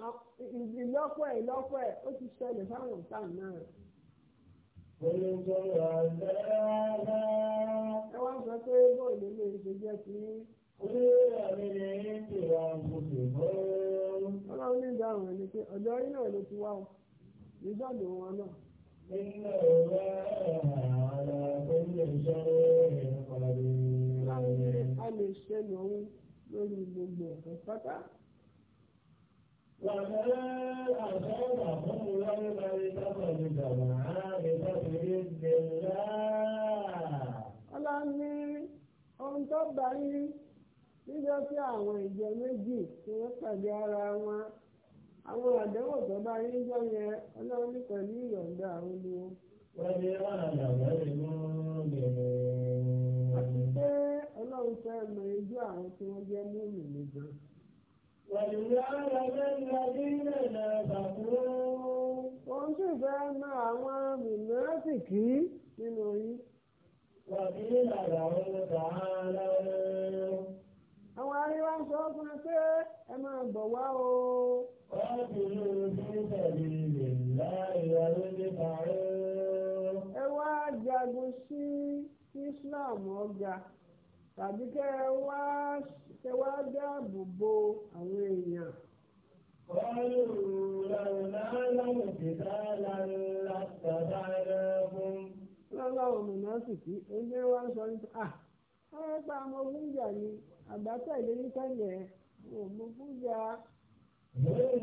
ìlọ́pọ̀ ìlọ́pọ̀ ẹ̀ ó ti ṣẹlẹ̀ fáwọn náà. ẹ wá sọ pé bóòlù ilé ìṣe jẹ́ sí. ọlọ́run ní ìdáhùn ẹni pé ló ti wá o ìgbàdo wọn náà. Iná ọ̀rẹ́ ààrẹ àkọ́lé ìṣẹ́ rẹ̀ kọ̀ọ̀dé. A lè ṣe lòun. lórí gbogbo ọ̀sán pátá. Wàhálà àṣà wáyé ní àárẹ̀ Ọlá ní ohun tó bá níjọ́ àwọn ìjọ méjì tí wọ́n pàdé ara wọn. Àwọn àdéhùn tó bá yín jọ yẹn ọlọ́run pẹ̀lú ìyọ̀ǹda àwọn ọlọ́run fẹ́ mọ ojú àwọn tí wọ́n jẹ́ mọ́mì mi gan. Òun sì fẹ́ mọ àwọn kí nínú yín. Àwọn aríwá sọ fún ẹ pé ẹ máa bọ̀ wá o. Ẹ wá jagun sí Islam ọjà. tàbí kẹ́ ẹ wá wá dáàbò àwọn èèyàn. Lọ́lá òmìnira sì kí ẹgbẹ́ wa ń sọ nípa à ẹ pa ọmọ fúnjà ni àgbàtà ilé ní kẹ́lẹ̀ ọmọ fúnjà. Ọlọ́run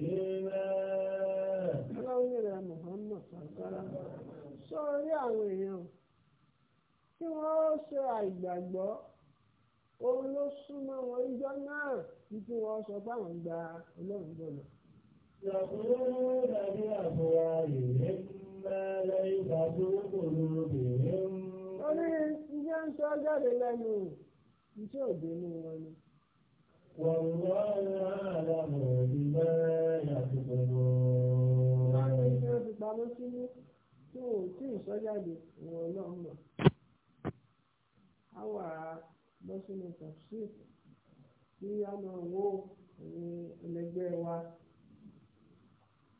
yẹ̀rẹ̀ Mùhàmmad sórí àwọn èèyàn kí wọ́n ṣe àìgbàgbọ́ òun ló súnmọ́ wọn ìjọ náà bí kí wọ́n sọ pé àwọn gba ọlọ́run gbọ́dọ̀. يقولون بأفواههم ما ليس في قلوبهم. orí ìjẹ́ ń sọ jáde lẹ́nu iṣẹ́ òde inú wọn ni. والله أعلم بما يكتمون. wọ́n ti ṣe ìpamọ́ sínú. tí wọn ò tí ì sọ́jáde ìwọ̀n ọlọ́run lọ. a wà bọ́ sínú tafsir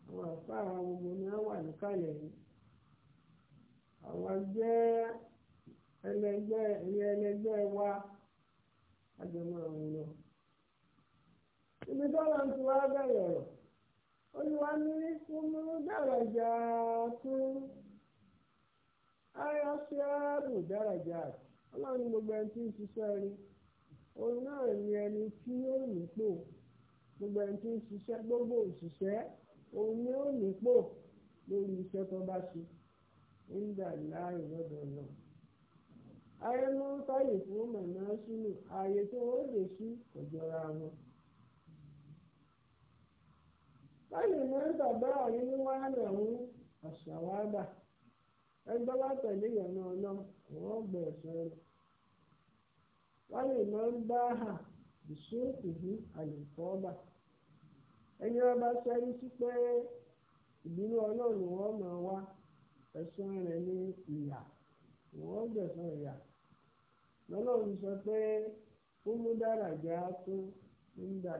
wa àwọn àfáà gbogbo ni a wà níkàlẹ̀ yìí àwa jẹ́ wa àjọmọ́ àwọn lọ. ibi tọ́lá ń ti bẹ̀rẹ̀ ọ̀rọ̀ olùwà mi ara ṣáàbù dáràjà ọlọ́run ní gbogbo ẹni gbogbo ẹni tí gbogbo òṣìṣẹ́ òun ni ó nípò lórí iṣẹ́ tó bá ṣe nígbà láàyè lọ́dọ̀ náà. ayé ló ń fàyè fún màmá sínú ààyè tó ó lè sí ẹgbẹ́ wá pẹ̀lú ìyọ̀nà ọ̀nà àwọn ọgbà ẹ̀sọ́ rẹ̀ wọ́n ń bá hà ìṣóòkù fún àyùkọ́ ọba ẹni ọba sẹ́rí sí pé ìbínú ọlọ́run wọn máa wá ẹ̀sùn rẹ̀ ní ìyà wọn gbẹ̀sán ìyà lọ́lọ́run sọ pé ó mú dára jẹ́ ìyá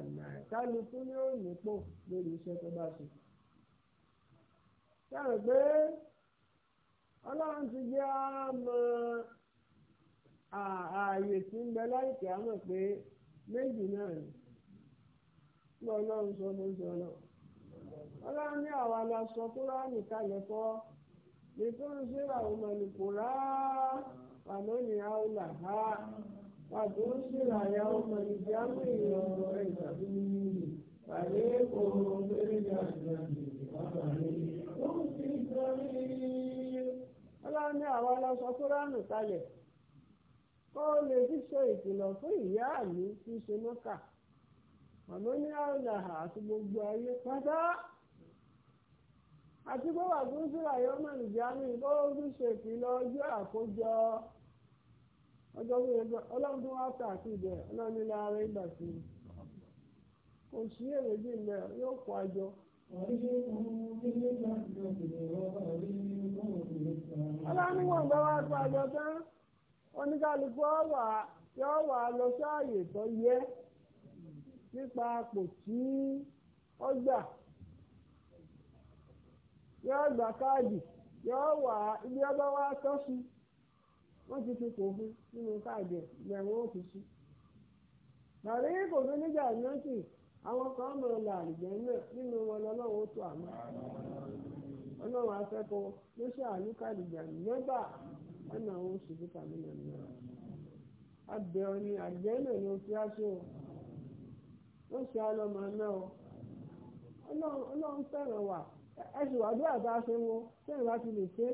ẹ̀ ọlọ́run ti jẹ́ ọmọ ààyè tí ń bẹ láìpẹ́ àmọ̀ pé méjì náà ni tí ọlọ́run sọ ló ń sọ lọ. ọlọ́run ní àwa la sọ kúránì kalẹ̀ fọ́ nítorí síra òmọ̀lùkùrá pàmòní àwòlà ha pàtó síra ya òmọ̀lùjáwé ìrọ̀rùn ẹ̀dá pàdé kò fẹ́rẹ̀ jà jà jù. ní àwa lọ sọ kúránù kalẹ̀ kó o lè fi ṣe ìkìlọ̀ fún ìyá mi tí ṣe mọ́kà àmọ́ ní àwòlàhà àti gbogbo ayé pátá àti o fi ṣe ìkìlọ̀ ọjọ́ àkójọ ọjọ́ ọlọ́run tó tà sí ibẹ̀ ọlọ́run ní lára ìgbà ọlọ́niwọ̀n bá wá pàjọ tán oníkálukú yóò wà lọ sáàyè tó yẹ nípa àpò tí ó gbà yóò gbà káàdì yóò wà ibi ọba wa tọ́ wọ́n ti fi kò fún nínú káàdì ẹ̀ lẹ́wọ̀n ó fi sí. kò àwọn kan mọ̀ ọ́ làlùjẹ́ náà nínú wọn lọ́lọ́run ó tó àmọ́ ọlọ́run afẹ́kọ̀ọ́ ló ṣàánú kàlùjà mẹ́bà ọ̀nà àwọn oṣù tó kàmí nà mìíràn abẹ ọ ni àgbẹ̀ náà ni o fi aṣọ ó ṣe alọ́mọ náà ọlọ́run fẹ́ràn wà ẹ sì wá bí àbá ṣe wọ sẹ́yìn wá ti lè ṣe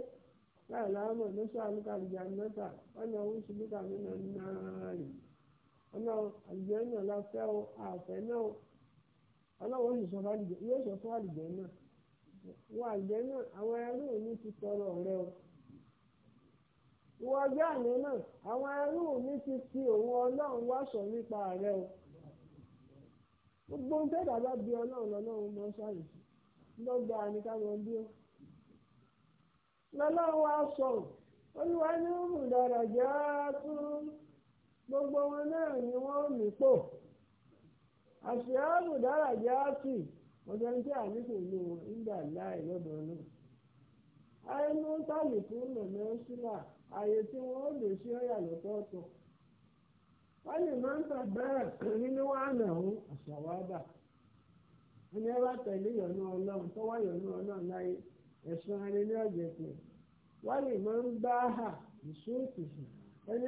láì láàmú ló ṣàánú kàlùjà mẹ́bà ọ̀nà àwọn oṣù tó kàmí nà mìíràn ọlọ́run àgbẹ̀ náà la fẹ́ o àfẹ́ náà. ọlọ́run sì sọ fàlùjẹ yóò sọ fún náà wọn àlùjẹ náà àwọn ẹrú mi ti tọrọ rẹ o wọ ọjọ́ àná náà àwọn ẹrú mi ti fi òun ọlọ́run wá sọ nípa rẹ o gbogbo ń bí ọlọ́run lọ́lọ́run lọ́gbà bí ó lọ́lọ́run wá olúwa ní òmùdàrà jẹ́ gbogbo wọn náà ni wọ́n mí àṣìyáàrù dára jẹ́ àṣì ọjọ́ ní kí àníkù ló ìgbà láì lọ́dọ̀ náà. àìmú tàbí fún na sílà ààyè tí wọ́n ó lè ṣe ọ̀yà lọ́tọ̀ọ̀tọ̀. wọ́n lè máa ń tà bẹ́ẹ̀ nínú wàhánà ọ̀hún àṣàwábà. ẹni ẹ bá tẹ̀lé ìyọ̀nù ọlọ́run tó wá ìyọ̀nù ọlọ́run láyé ẹ̀sùn ẹni ọ̀jẹ̀ pé wọ́n lè máa ń bá hà ìṣúùtì ẹni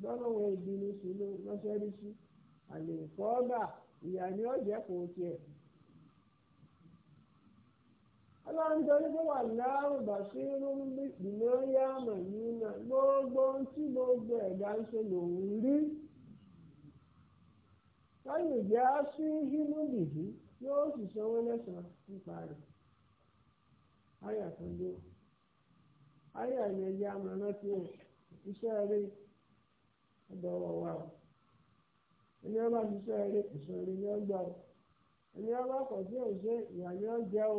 gbọ́dọ̀wọ́ ìbínú sí lọ́sẹ̀rí sí àlè fọ́ọ́gà ìyá ni ọ̀jẹ̀ kò tiẹ̀. ọlọ́run torí pé wà láàrú bàṣírú ìná yá màmí náà gbogbo ohun tí gbogbo ẹ̀dá ń ṣe lòún rí. lẹ́yìn ìjẹ́ sí hímú bìbí yóò sì sanwó lẹ́sàn-án nípa rẹ̀. ayà kan dé ayà ọgbọ̀wọ̀ wa o ẹni ọba eré ẹ̀sùn eré ni ó gbà o ẹni ọba ṣe ìyá ni ó jẹ́ o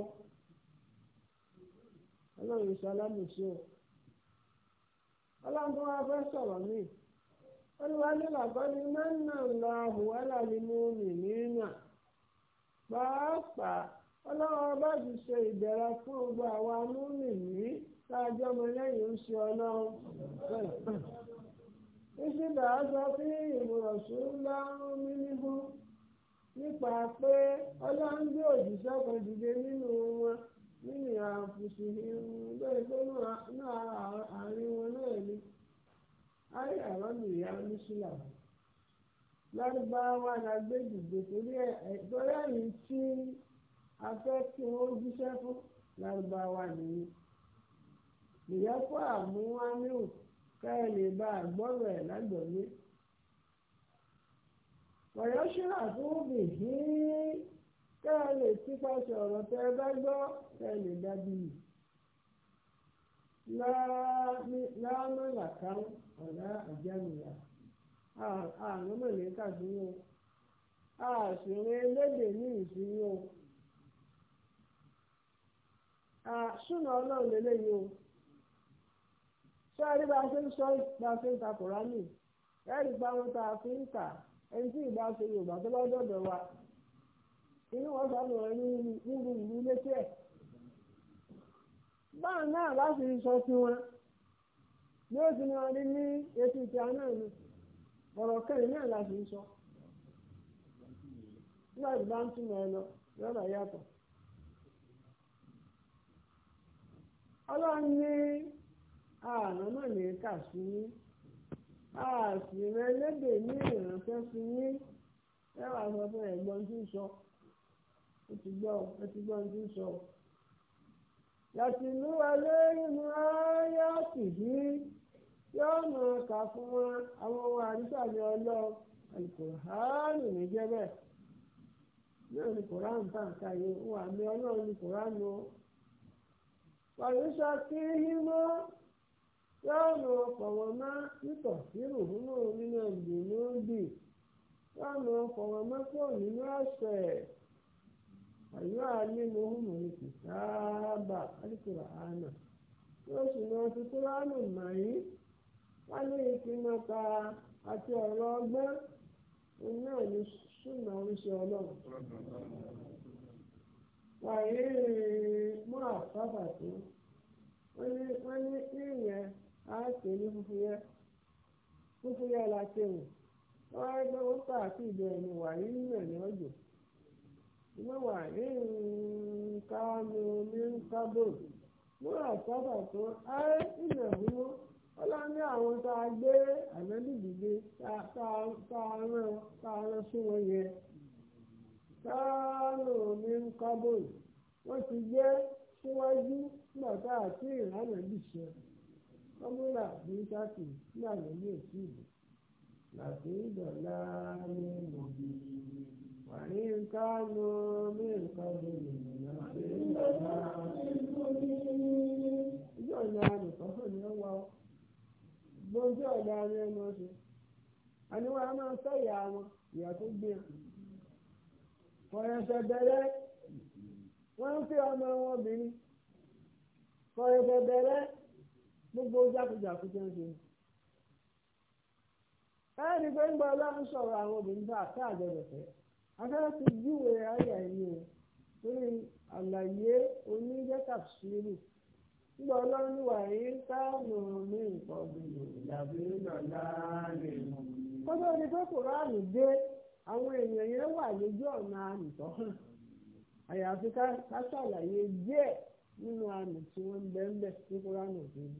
ọlọ́run sálámù sí o ọlọ́run tó wá mí olùwà nílò mẹ́nà ńlá ni mo rìn nínà pàápàá ti ṣe ìbẹ̀rẹ̀ fún ìṣìbà sọ pé ìmọ̀rànṣó ńlá ń mí níbú nípa pé ọlọ́run gbé òjíṣẹ́ kan dìde nínú wọn nínú àfùsù lórí pé náà àárín wọn náà ni ayé àwọn ènìyàn ní sílà lárúbáwá la gbé dìde torí ẹ̀yìn tí a fẹ́ kí wọ́n jíṣẹ́ fún nìyí ìyẹ́pọ̀ àmúwá káyọ̀ lè bá àgbọ́rọ̀ ẹ̀ lágbọ̀ọ́yé. wọ̀yọ́ ṣíra fún òbí káyọ̀ lè sípasẹ̀ ọ̀rọ̀ tẹ́ ẹ bá gbọ́ káyọ̀ lè dábì yìí. láàmúlà kan ọ̀nà àjẹmìlà àrùn mọ̀lẹ́kà dúró àṣìwé ní àṣùnà ọlọ́run o. sọ́ọ́rí bá a ṣe sọ bá a ṣe ń ta kùránì ẹ̀rí wọn tá a fi ń ṣe yorùbá tó wa inú wọn sábà rẹ ní níbi ìlú létí ẹ̀ báwọn náà sọ sí wọn ní ó ti wọn ní etí náà ọ̀rọ̀ kẹrin náà sọ nígbà tí bá ń àrùn náà ní kà sí yín àṣìrẹ́ lédè ní ìránṣẹ́ sí yín ẹ sọ fún ẹ̀gbọ́n tí ń sọ ó ti gbọ́ ti gbọ́ tí ń sọ. yàtìlú ẹlẹ́yìn ni a yóò mọ fún wọn àwọn ohun ní yóò ní ka yìí ọlọ ní yóò nu fọ̀wọ́ mọ́ nítọ̀ sírù nínú nínú ìgbìmọ̀ bì yóò nu fọ̀wọ́ mọ́ kúrò nínú ẹ̀ṣẹ̀ àyọ̀ àlímọ̀ ọ̀hún ní kìtàbà alìkùrà àánà yóò sì nu ọtí kúránù màáyí wá àti ọ̀rọ̀ oríṣi ọlọ́run wàyí mú àfáfà tó wọ́n ní ìyẹn. a pè ní fúfúyẹ́ fúfúyẹ́ la ṣe wò wọ́n á gbé wọ́n pa àti ìjọ ẹni wà nínú ẹ̀mí ọ̀jọ̀ ìmọ̀ wà ní ní tó ní àwọn tá a gbé tá a rán tá a rán sí wọn yẹn gbé síwájú nígbà tá a ọbụla bụrụtatụ na na-enye esi igbo na ịdọla n'elu mana nke anụ mee nke ọbụla ìjọ ìyá rẹ̀ kọ́kọ́ ni ó wá ọ́ gbójú a máa fẹ́ ìyá ya nsọ wọn obìnrin fọyẹsẹ bẹ̀rẹ̀. gbogbo jákujàku tó ń ṣe. ẹ rí i pé ńgbà ọlọ́run sọ̀rọ̀ àwọn obìnrin bá àti àjọyọ̀ fẹ́ afẹ́rẹ́ ti júwe ayà yìí o torí àlàyé oníjẹ́kàsílù ńgbà ọlọ́run níwà yìí táwọn mí nǹkan ọ̀gbìn ìdàbí ìdọ̀lá lè mọ̀. kọ́tọ́ ni pé kòránù dé àwọn èèyàn yẹn wà lójú ọ̀nà àmìtọ́ hàn àyàfi ká ṣàlàyé díẹ̀ nínú àmì tí wọ́n ń bẹ́ẹ̀ ń bẹ́ẹ̀ ní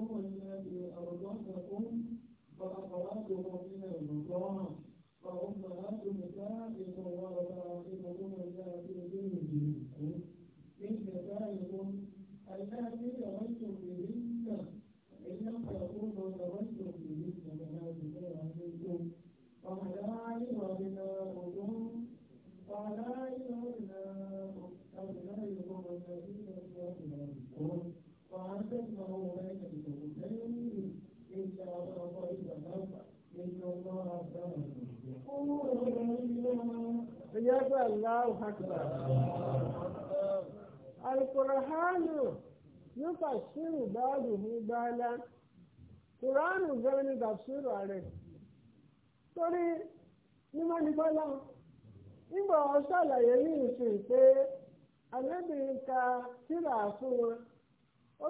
Allahu Akbar. Al-Qur'anu yufasiru ba'duhu ba'dan. Kùránù n'ụlọ ni tafsiru rẹ̀. Torí mímọ́ ni bọ́lá. Nígbà wọn ṣàlàyé ní ìsìn pé àlébì ka tírà fún wa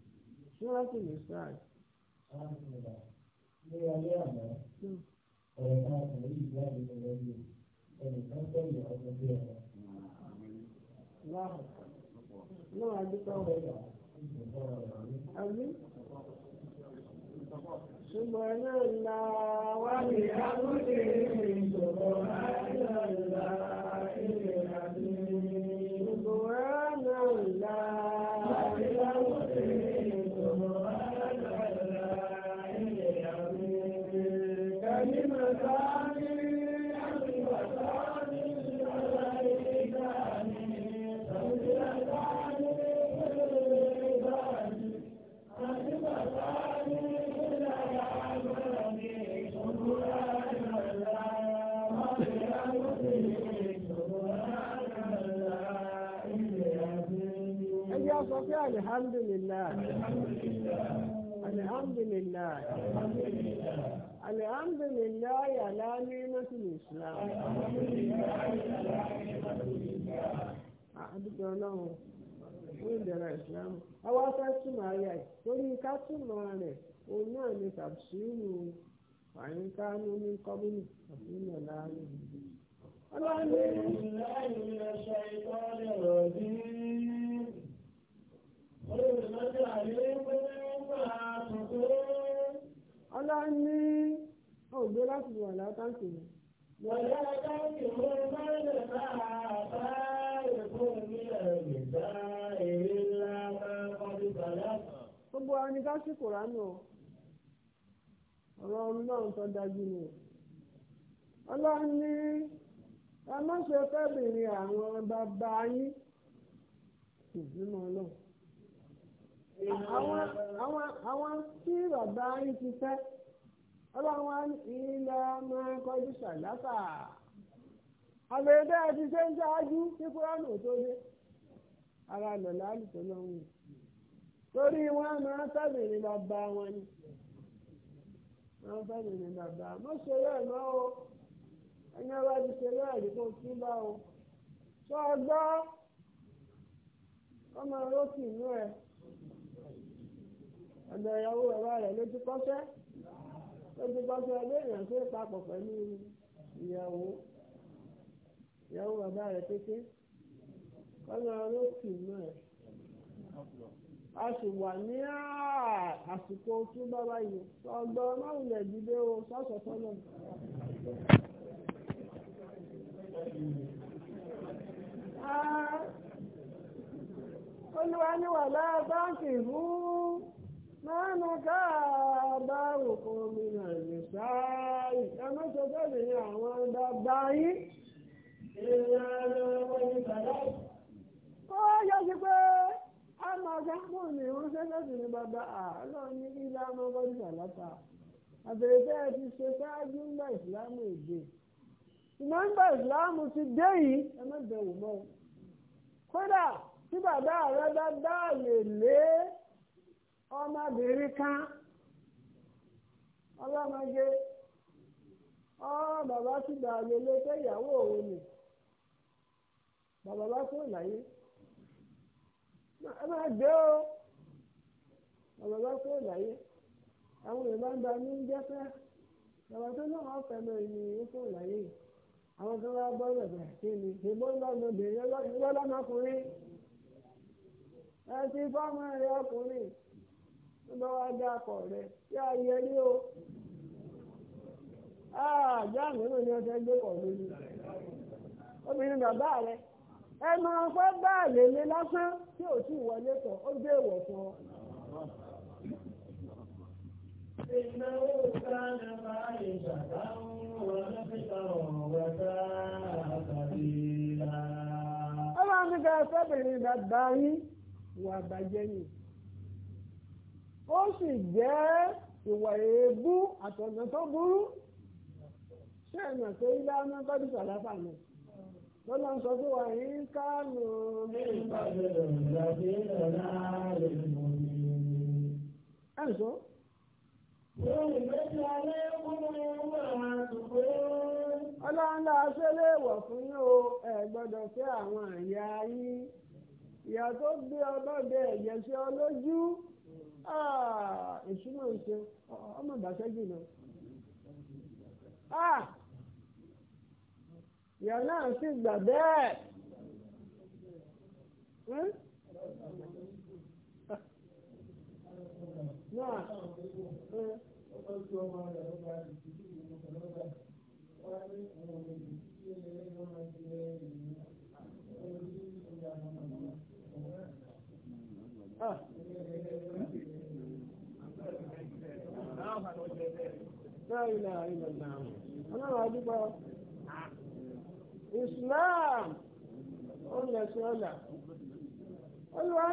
tí wọ́n sì ní sars. ní alẹ́ àná ọ̀rọ̀ kan kò rí ìgbà mi lọ lórí ẹnìkan sọ̀rọ̀ ọdún bí ẹ̀rọ. náà adúpẹ́ wọ̀ àbí. ṣùgbọ́n náà la wá ní àbúté ìṣòro àìsàn ìlànà. لله الحمد لله على نعمة الإسلام àdúgbò ọlọ́run fún ìdẹ̀ra ìsìlámù àwa fẹ́ túmọ̀ ayé torí ká túmọ̀ rẹ̀ òun náà ni tàbísírù àyínká ní ní kọ́mínì àti ilẹ̀ láàárín. ọlọ́run ní láàyè ọlá ní ògbé láti wà látàkì mi. wọ̀lá táǹkì mo máa lè bá bá èkó mi ẹ̀rì bá èrè ńlá máa ń bàlá. gbogbo àwọn oníkà sí kòránù ọ̀rọ̀ ọ̀run náà tó dájú ni ọlọ́run ní ẹ má ṣe fẹ́ bìnrin àwọn bàbá yín ìbímọ náà àwọn tí bàbá yín ti fẹ́ ọlọ́run wa ilẹ̀ máa ń kọjú sàlásà àbẹ̀dẹ́ ti ṣe ń ṣáájú kí kúránù tó dé ara lọ̀lá àlùtò lọ́wọ́ torí wọn máa sábìrin bàbá wọn ni wọn sábìrin bàbá mọ́ ṣe bẹ́ẹ̀ mọ́ o ẹni ọba ti ṣe bẹ́ẹ̀ rí kó kí bá o sọ ọgbọ́ ọmọ rókì inú ẹ̀ ọ̀dọ̀ ìyàwó bàbá rẹ̀ ló ti kọ́ṣẹ́ ló ti kọ́ṣẹ́ ilé èèyàn tó papọ̀ pẹ̀lú ìyàwó ìyàwó bàbá rẹ̀ pété kọ́nà ló kì mọ́ ẹ̀. a sì wà ní àsìkò tún bàbá yìí ọ̀dọ̀ máwùlẹ̀ dìde o sọ́sọ̀ sọ́nà. Ah! Olúwa ni wà lára báńkì fún. Mọ́nù káàbá òkun mi nà lè sáàyì. Ẹ má ṣe bẹ́ẹ̀ ni àwọn bàbá yín. Ó yọ sí pé a máa ṣe fún mi, wọ́n ṣe lọ́sùn ní bàbá àárọ̀ ní ilé amọ́gọ́dì sàlátà. Àbẹ̀rẹ̀ tẹ́ ẹ ti ṣe ṣáájú ńgbà ìsìlámù èdè. Ṣùgbọ́n ńgbà ìsìlámù ti dé yìí, ẹ má bẹ̀rù mọ́. Kódà tí bàbá rẹ dá àlè lé. ọmọbìnrin kan ọlọ́mọge ọ bàbá ti dàgbé lé pé ìyàwó òun ni bàbá bá láyé ẹ máa gbé o bàbá bá láyé àwọn èèyàn bá ń ba ní jẹ́fẹ́ bàbá tó náà wọ́n fẹ́ mọ ènìyàn láyé àwọn tó wá bọ́ kí ni ìbò ẹ ti rẹ ọkùnrin. tó bá wá dákọ̀ rẹ̀ yá o jáàmù náà ní ọ̀sẹ̀ gbé pọ̀ lórí obìnrin bàbá rẹ̀ ẹ máa fẹ́ báàlè lé lásán tí ò tí wọlé tán ó gbé ìwọ̀ fún ọ. إنه كان Ọlọ́run ga bàbá yín wà bàjẹ́ yìí. ó sì jẹ́ ìwà èébú àtọ̀nà tó burú ṣẹ́ẹ̀nà pé ilé ọmọ tọ́jú sàlápà náà lọ́nà ń sọ pé wà ní kánò ẹ̀sọ́. ọlọ́ńlá ṣẹlẹ̀ wọ̀ fún yín o fẹ́ àwọn àyà yín ìyà tó gbé ọlọ́dẹ ẹ̀jẹ̀ sí ọ Ah, ìṣúná ìṣe ọmọ ìbáṣẹ́jì náà ah! ìyá náà sì gbà bẹ́ẹ̀ hmm? ah, náà Thank hmm? you. láìlà ìlànà ọlọ́run àdúgbò Islam ó lẹ̀ sí ọ̀là olùwà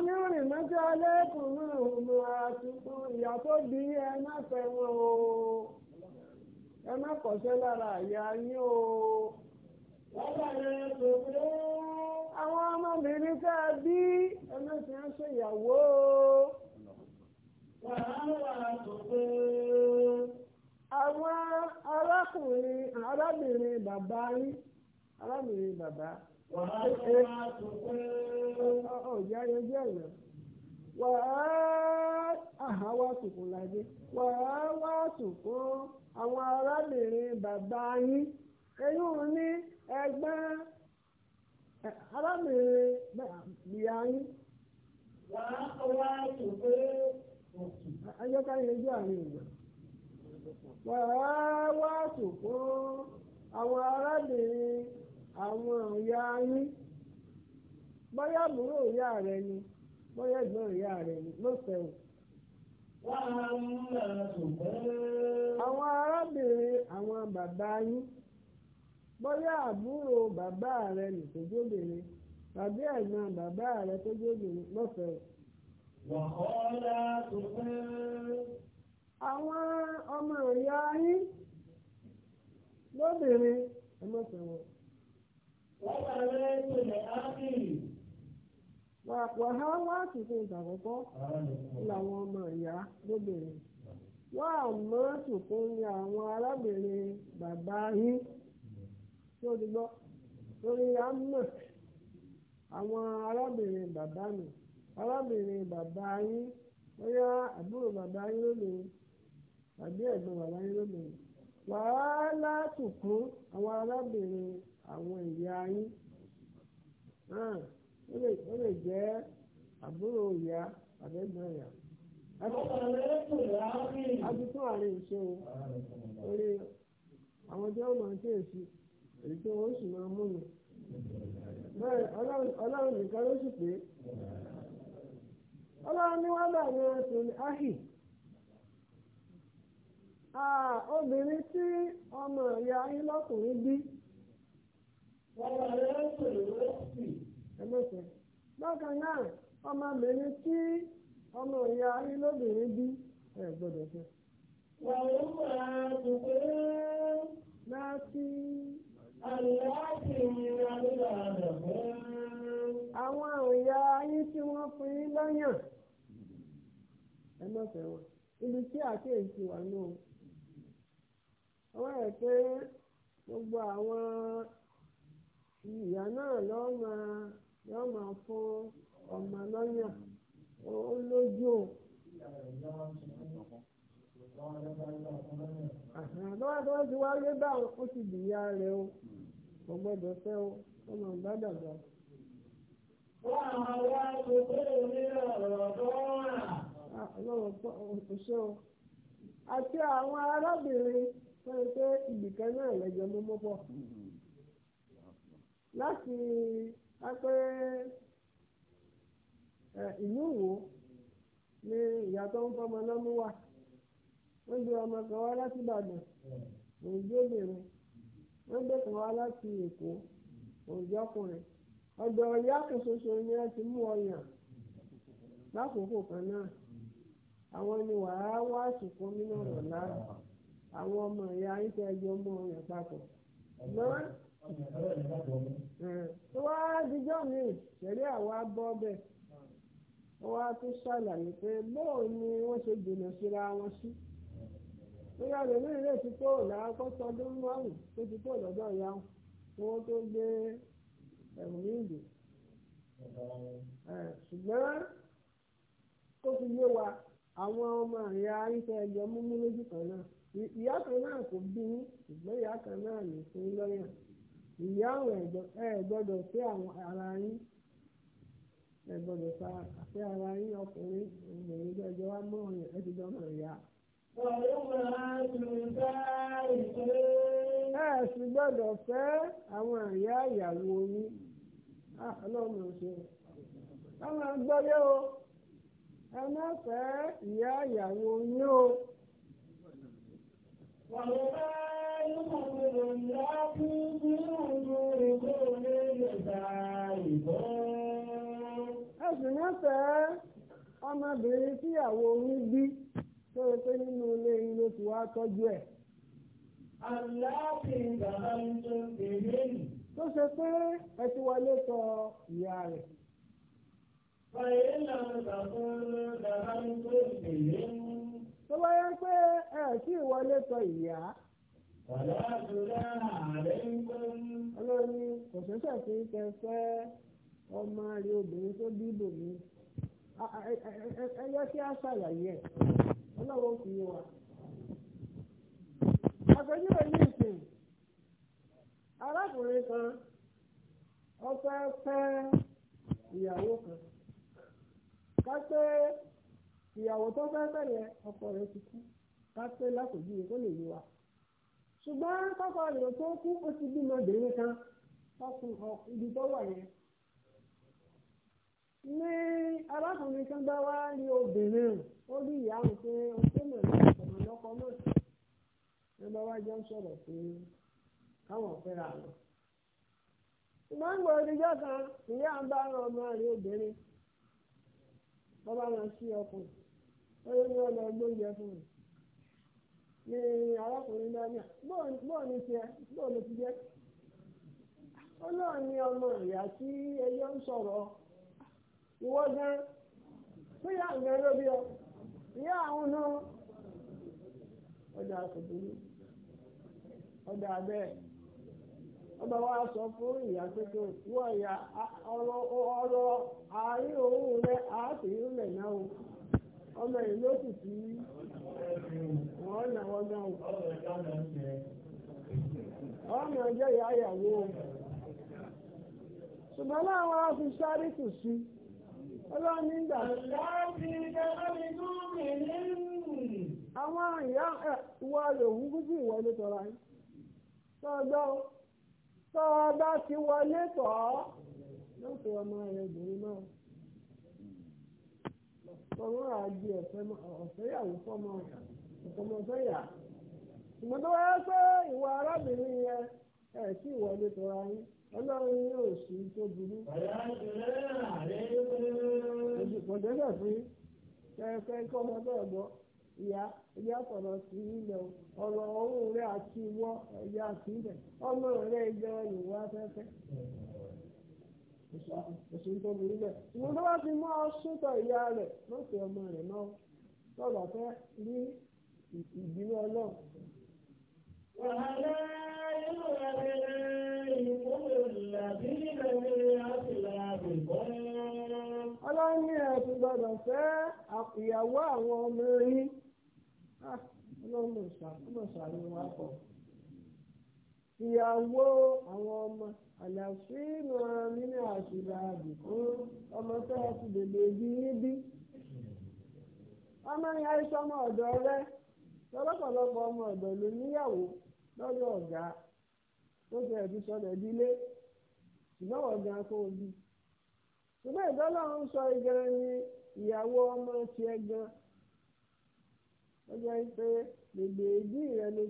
mẹ́jọ lẹ́kùnrin òun àti bí o ẹ kọ̀ṣẹ́ lára ìyá yín o. àwọn ọmọbìnrin tá a bí ẹ má ti ń ṣèyàwó o. wàhálà àwọn arákùnrin arábìnrin bàbá yín arábìnrin bàbá. ọ̀já yẹn jẹ́ ọ̀nà wà á àháwá sùkún lájẹ́ wà á wá sùkún àwọn arábìnrin bàbá yín èyí ní ẹgbẹ́ arábìnrin yín. wà á wá sùkún. yẹn jẹ́ àárín ìgbà. wàrà wá sù fún àwọn arábìnrin àwọn yín àbúrò ìyá rẹ ni ìyá rẹ ni ló fẹ́ràn. Àwọn arábìnrin àwọn bàbá yín àbúrò bàbá rẹ nì tó jóbìnrin ẹ̀gbọ́n bàbá rẹ tó jóbìnrin àwọn ọmọ ìyá yín lóbìnrin ẹ má sọ̀rọ̀. wọ́n bá ha wá àtúntò ìtàkọ́kọ́ làwọn ọmọ ìyá lóbìnrin wọ́n àmọ́ sùkún ní àwọn arábìnrin bàbá yín tó ti gbọ́ torí àmọ́ àwọn arábìnrin bàbá mi arábìnrin bàbá yín bóyá àbúrò bàbá yín àbí ẹ̀gbọ́n bàbá yín lóbìnrin wàhálà àwọn arábìnrin àwọn ìyá yín ó lè jẹ́ àbúrò ìyá àbẹ́gbọ́n ìyá. a àárín ìṣe o orí àwọn tí wọ́n máa ń kíyèsí èyí tí wọ́n sì máa mú mi bẹ́ẹ̀ ọlọ́run nìkan ló sì pé ọlọ́run ní wọ́n bá ní ẹ̀sùn áhì. obìnrin tí ọmọ ìyá yín lọ́kùnrin bí. bákan náà ọmọbìnrin tí ọmọ ìyá yín lóbìnrin bí ẹ gbọ́dọ̀ fẹ́. wàhálà máa dùn àwọn tí wọ́n fún yín lọ́yàn. ẹ má fẹ́ wọn ibi tí wọ́n rẹ̀ pé gbogbo àwọn ìyá náà lọ́ máa fún ọmọ o. lọ́wọ́ tó ti bá ó ti dìyà rẹ̀ o kò gbọ́dọ̀ fẹ́ o ó wọ́n á wá ọ̀rọ̀ tó wà. Ah, sọ́ni pé ibìkan náà lẹ́jọ́ ló mú pọ̀ láti pé ìlú wo ni ìyá tó ń fọmọ wa wà wọ́n gbé ọmọ kan wá láti Ìbàdàn òǹjẹ́ obìnrin wọ́n gbé kan wá láti Èkó òǹjẹ́ ọkùnrin ọ̀dọ̀ ìyá kan ṣoṣo ni a ti mú ọyàn lákòókò kan náà àwọn ni wàá wá àsìkò nínú ọ̀rọ̀ àwọn ọmọ ìyá yín tẹ ẹjọ mọ ọyàn papọ̀. tó wá díjọ́ mi tẹ̀lé àwa bọ́ bẹ̀ wọ́n á tún ṣàlàyé pé bóò ni wọ́n ṣe jìnnà síra wọn sí. nígbà tó ní ilé ti kó làákọ́ sọdún márùn tó ti kó lọ́dọ̀ ìyá wọn kí wọ́n tó gbé ẹ̀rù ní ìlú. ṣùgbọ́n kó fi yé wa àwọn ọmọ ìyá ayíṣẹ́ ẹjọ́ múmú lójú kan náà. ìyá kan náà kò bí yín ìgbẹ́ ìyá kan náà lè fún lọ́yàn ìyá àwọn ẹ gbọ́dọ̀ fẹ́ àwọn ara yín ara yín ọkùnrin obìnrin tó ẹjọ́ wá mọ́ ọ̀yàn ẹ ti dọ́nà ìyá. ẹ gbọ́dọ̀ fẹ́ àwọn ìyàwó yín ọlọ́run ò ṣe o ẹ má fẹ́ ìyá ìyàwó yín وما يحضر الله في وجوهكم لسائكم ẹ̀sùn mẹ́fẹ̀ẹ́ ọmọbìnrin tíyàwó yín bí tó o pé nínú ilé yín ló ti wá tọ́jú ẹ̀. aláàfin bàbá mi tó bèrè yìí. tó ṣe pé ẹ ti wọlé tọ̀ ìyá rẹ̀. báyìí náà bàbá mi tó bèrè yìí. tó bá yẹ pé ẹ sì wọlé tọ ìyá. Bàbá àtúndà ààrẹ ń gbọ́. Ọlọ́ni kò sẹ́sẹ̀ sí ọmọ rí obìnrin tó bí bòmí. Ẹ kí ṣàlàyé fi wà. Àpèjúwe ní ìsìn. Arákùnrin kan fẹ́ ìyàwó tó fẹ́ bẹ̀rẹ̀ ọkọ rẹ̀ ti kú ká pé lákòójúwe kó lè yíwa ṣùgbọ́n kọ́kọ́ rẹ̀ tó kú ó ti bímọ obìnrin kan ọkùn ibi tó wà yẹn ní arákùnrin kan bá wá rí obìnrin ó rí ìyá pé ó mọ̀ ní lọ́kọ náà bá wá jọ ń sọ̀rọ̀ onye ní ọlọ ẹgbẹ oúnjẹ fún ya ní arákùnrin náà ní bóòní tiẹ bóòní ya jẹ ó náà ní ọmọ ìyá tí ẹyọ ń sọ̀rọ̀ ìwọ gan péyà ǹgẹ ọmọ yìí ló sì sí wọn náwó náà ọmọ ẹjẹ́ ìyá ìyàwó ṣùgbọ́n láwọn á fi sáré kù sí ọlọ́run nígbà àwọn ìyá ìwọ lòun gúgú ìwọ ló tọra yín bá ti wọlé tọ́ ọmọ rẹ̀ ọmọ àgbẹ̀ ọ̀fẹ́yàwó fọmọ ọ̀fọmọfẹ́yà ṣùgbọ́n tó wáyé pé ìwà arábìnrin yẹn ẹ̀ sí ìwọlé tó ra yín ọlọ́run yóò sí tó burú. òṣìkọ̀dẹ́sẹ̀ fún yín kẹ́kẹ́ kọ́ ọmọ bẹ́ẹ̀ gbọ́ ìyá ìyá sọ̀rọ̀ sí ilẹ̀ ọ̀rọ̀ ọ̀hún rẹ̀ àti ọmọ rẹ̀ jẹ́ afẹ́fẹ́. ẹ̀sùn tó burú bẹ́ẹ̀ ìwọ tó bá fi mọ́ ọ sótọ̀ ìyá rẹ̀ lọ́sẹ̀ ọmọ rẹ̀ náà lọ́dọ̀ fẹ́ rí ìbínú ọlọ́run. wàhálà yóò rẹ̀ bẹ̀rẹ̀ ìfowópamọ́ àbí ìbẹ̀rẹ̀ àtìlá àbẹ̀bọ̀. ọlọ́run ní ẹ̀sùn gbọ́dọ̀ fẹ́ ìyàwó àwọn ọmọ rí ọlọ́run mọ̀ ṣàlùwà pọ̀. ìyàwó àwọn ọmọ àlàfíìnù nínú àṣìlá àbì fún ọmọ tó ẹ ti dèdè bí níbí. ọmọ yẹn aṣọ ọmọ ọ̀dọ̀ rẹ lọ́lọ́pọ̀lọpọ̀ ọmọ ọ̀dọ̀ ló níyàwó lọ́rọ̀ ọ̀gá tó ti sọ̀rọ̀ ṣùgbọ́n ọ̀gá ọmọ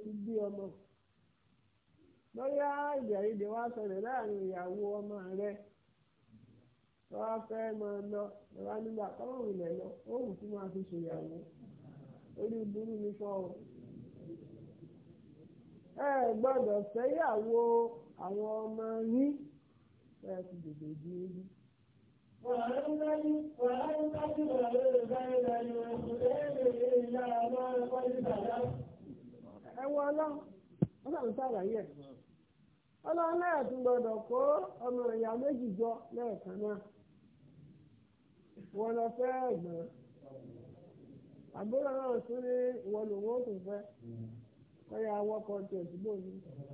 gan. ọmọ. bóyá ìjẹ̀rìndè wá sọ̀rọ̀ láàrin ìyàwó ọmọ rẹ̀ wọ́n fẹ́ máa lọ ìwà nígbà ilẹ̀ lọ òun tí máa fi ṣèyàwó orí burú mi fọ́ ẹ gbọ́dọ̀ fẹ́yàwó àwọn ọmọ yín ẹ ti dèdè di ọlọ́run náà tún gbọ́dọ̀ kó ọmọ ìyá méjì jọ lẹ́ẹ̀kan náà wọn lọ fẹ́ ẹ̀gbọ́n àbúrò náà tún ní ìwọ lòun ó tún fẹ́ ọyà tiẹ̀ ní fẹ́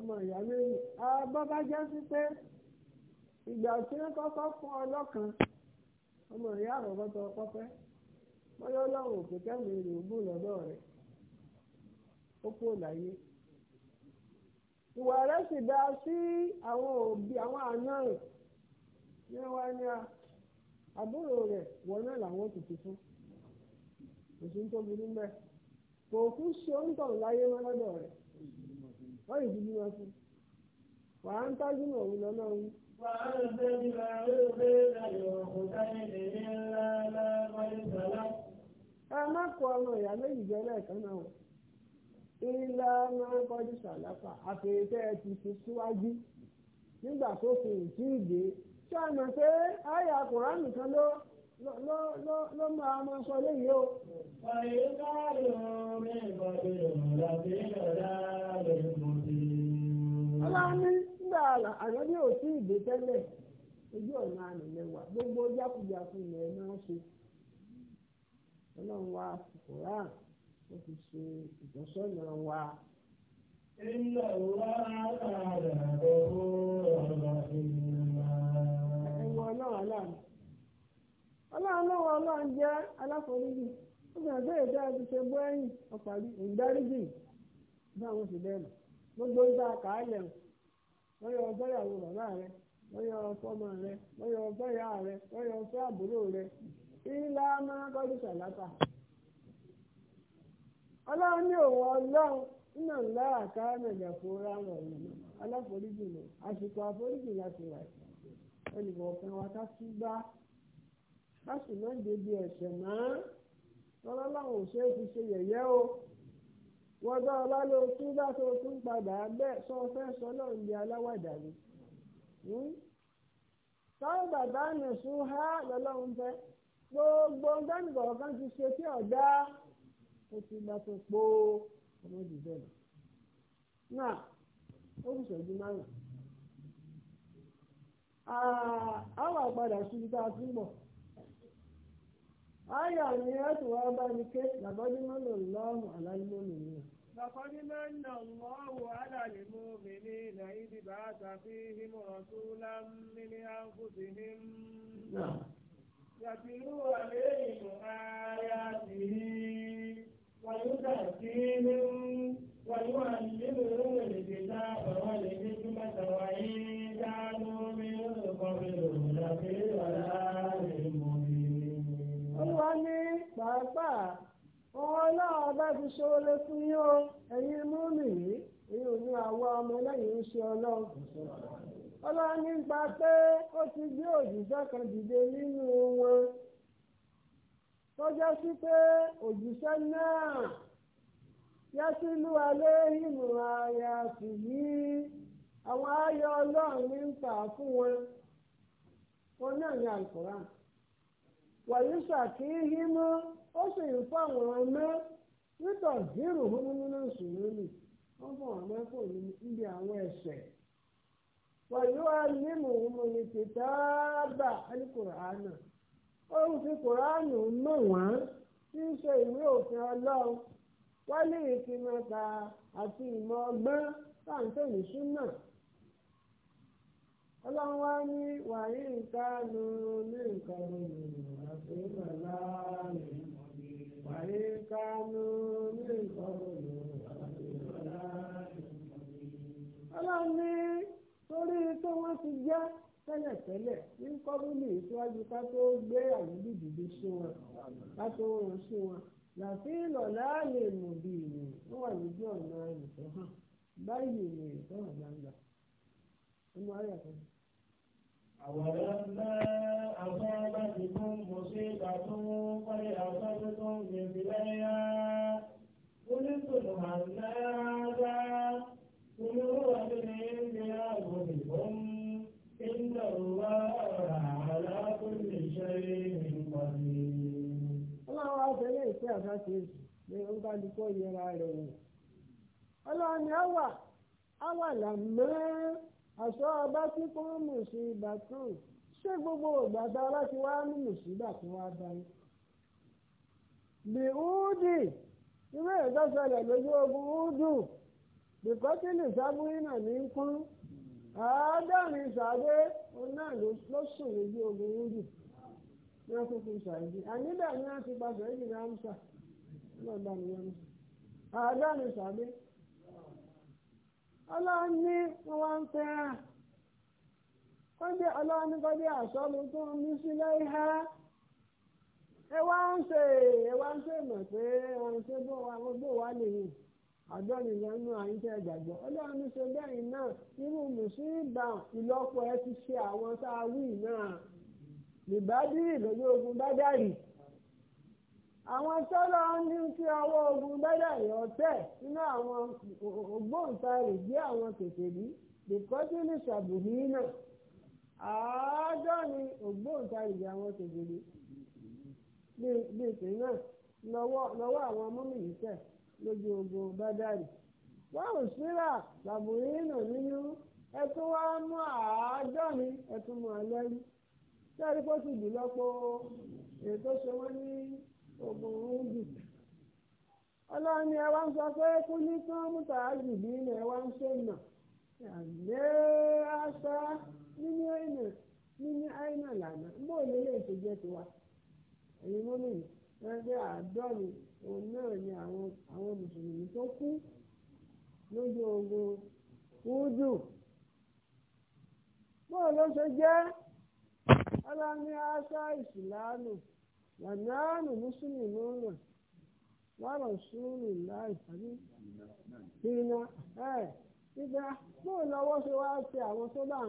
ọmọ ìyá méjì bọ́ bá jẹ́ sí pé ìgbà tí wọ́n kọ́kọ́ fún ọ lọ́kàn ọmọ ìyá ìwà rẹ̀ sì si sí àwọn òbí àwọn àna rẹ̀ ní wá ní àbúrò rẹ̀ wọ́n náà làwọn kò ti fún òsì tó burú mẹ́ kò kú ṣe oúntàn láyé wọn lọ́dọ̀ rẹ̀ wọ́n yìí ti bímọ fún wàá ń tájú mọ̀ òun lọ́nà òun. wàá ń gbé ilá máa kọjú sàlápà àfẹ́fẹ́ ti fi síwájú nígbà tó fi ìtú ìdè ṣáàmù pé àyà kan ló ló máa máa sọ léyìí o. àyè káàdì omi ìbọ̀dé ìrọ̀lá sí ọlọ́ni nígbà àná ní ìdè tẹ́lẹ̀ ojú ọ̀nà gbogbo jákujàku ọlọ́run wa ó ti ṣe ìtọ́sọ́nà wa. Iná wa àrà owó ọ̀rọ̀ ìlú. Ẹ̀wọ̀n ọlọ́run aláàánú. Ọlọ́run lọ́wọ́ ọlọ́run jẹ́ aláforíjì. Ó a ti ṣe gbọ́ ẹ̀yìn ọkọ̀ ìdáríjì. sì Gbogbo ń Wọ́n yọ ọjọ́ ìyàwó bàbá rẹ̀. Wọ́n yọ ọmọ rẹ̀. Wọ́n yọ ọfọ́ ìyá rẹ̀. Wọ́n yọ ọfọ́ àbúrò rẹ̀. Ilá máa ọlọ́run ní òun ọlọ́run nna ńlá àkàrà ìjàpọ̀ ráàmù ọ̀nà aláforíjì ni àsìkò àforíjì láti wà sí ẹnìkọ̀ọ̀kan wa ká tún gbá ká sì má débi ẹ̀ṣẹ̀ mọ́ tọ́lá láwọn òṣèré fi ṣe yẹ̀yẹ́ o wọ́dọ̀ tún bá tó tún padà bẹ́ẹ̀ sọ fẹ́ sọ náà ń di aláwàdà ni. Hmm? táwọn bàbá gbogbo ti ṣe ọ̀dá. Otu lọ́sọ̀ pọ́ ọmọ ìdìbò rẹ̀. náà ó sì ṣẹ́jú márùn-ún. àwọn ah, àpàdà sí a tún bọ̀. ayà ni ẹ tún wá bá mi ké làbọ́dé mọ́nà lọ́rùn aláìmọ́ mi ni. لقد من الله على المؤمنين إذ ويزكيهم ويعلمهم الكتاب والحكمة وإن كانوا من قبل لفي ضلال مبين. Olúwa ní pàápàá ọwọ́ náà bá fi ṣoore fún yín o ẹ̀yin mú mi yìí èyí ò ní àwa ọmọ lẹ́yìn ń ọlọ́run. Ọlọ́run nípa pé ó ti gbé òjìṣẹ́ kan dìde nínú wọn. tọ́jọ́ sí pé òjíṣẹ́ náà yẹ́sílú aléhìmù ààyè àti ní àwọn ayọ̀ ọlọ́run ń tà fún wọn wọn náà ní alukoran wàyí ṣàkíyímú ó sì ń fọ àwọn ọmọ nítorí zero sùnúnì wọn fọ àwọn àwọn wàyí wà nímú alukoran náà. ó ń fi kùránù mọ̀ wọ́n tí ń ṣe ìwé òfin ọlọ́run wọ́n lè àti ìmọ̀ ọgbọ́n táǹtẹ̀ ní ọlọ́run wá ní wàyí nǹkan nu ní nǹkan ròyìn àti ìmọ̀lá rẹ̀ wàyí nǹkan ní nǹkan tẹ́lẹ̀tẹ́lẹ̀ ní kọ́bùnì ìtọ́jú ká tó gbé àyíbí dìde sí wọn ká tó rán sí wọn làfin lọ́la lè mú bí ìrìn báyìí ni ìtọ́ إن الله على كل شيء قدير ọlọ́run àtẹlẹ́ ìfẹ́ àfàṣe ni ó bá dúpọ̀ yẹra rẹ̀ wò ọlọ́run ni àwà àwà làmọ́ àṣọ ọba tí kò ń mú sí ibà kan ṣé gbogbo ìgbà tá a bá ti wá mú mú sí ibà kan wá darí. bìhúdì ìwé ìtọ́sọ̀rẹ̀ lójú ogun húdù bìkọ́tìlì sábúrínà ní kún. àádọ́rin ìsàgbé ọ náà ló sùn lójú obìnrin jù ní iji, tún àníbẹ̀ ni wọ́n ti ní amsa lọ́ọ̀dà ní wọ́n àádọ́rin ìsàgbé wọ́n ń kọ́jẹ́ ọlọ́run kọ́jẹ́ àsọ́lu tó ń ní sílẹ̀ ẹ àgbọ̀nì ìyanu àyíṣẹ́ ìgbàgbọ́ ọlọ́run ṣe bẹ́ẹ̀ náà irú mùsíbà ìlọ́pọ̀ ẹ ti ṣe àwọn tá a wí náà nìbádìrì lójú ogun bádàrì àwọn tọ́lọ́ ní kí ọwọ́ ogun bádàrì ọ̀tẹ̀ nínú àwọn ògbóǹtarì jẹ́ àwọn kèkèrí dèkọ́tìlì ṣàbùrí náà àádọ́rin ògbóǹtarì jẹ́ àwọn kèkèrí bíi ìpín náà lọ́wọ́ àwọn mọ́mìnì tẹ̀. lójú ogun bádàrí báwo síra làbùrínù nínú ẹ tún wá mú àádọ́rin ẹ tún mú sẹ́rí kó sì dì lọ́pọ̀ èyí tó ṣe wọ́n ní ogun rúbì ọlọ́run ni ẹ wá ń sọ pé kú ní tán múta àjùbí ni ẹ wá ń ṣènà àgbẹ̀ àṣà nínú àìnà nínú òun náà ni àwọn àwọn mùsùlùmí tó kú lójú ogun wúdù bóò ló ṣe jẹ́ ọlọ́ni aṣá ìsìláàmù lànàánù mùsùlùmí náà lọ́rọ̀ sùúrù láì tàbí kìnnà ẹ̀ nígbà bóò ṣe wá ṣe àwọn ń.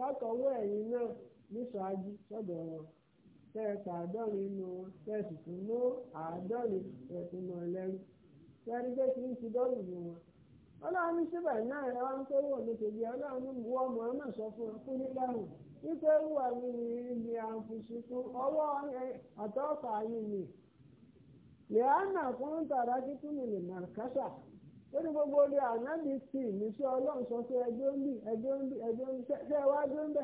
látọwọ́ ẹ̀yin náà níṣáájú sọ́dọ̀ wọn na. ẹ àádọ́rin wọn tún mú àádọ́rin ẹ̀kún lẹ́rú pé kì í ti dọ́rù wọn. ọlọ́run síbẹ̀ náà ẹ ń wò ní tèmi ọlọ́run ní wọ́n mọ̀ ọ́nà sọ fún ọ lórí gbogbo orí ànábì sí ìmísí ọlọ́run sọ pé ẹjọ́ ń bì ẹjọ́ ń bì ẹjọ́ ń bì ṣe wá dé ń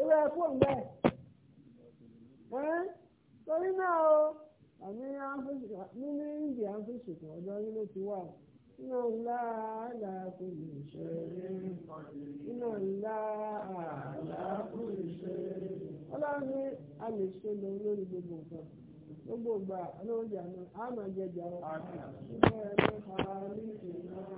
ewé ẹ̀kọ́ ń bẹ̀ ẹ́ torí náà o àmì ìdí àfíìsì kan ló ti wà o iná ńlá àlàkù ìṣe a gbogbo ìgbà olóòjì àná àmọ̀ jẹjẹrẹ ìgbà ẹ̀rọ fara ní ìlú náà.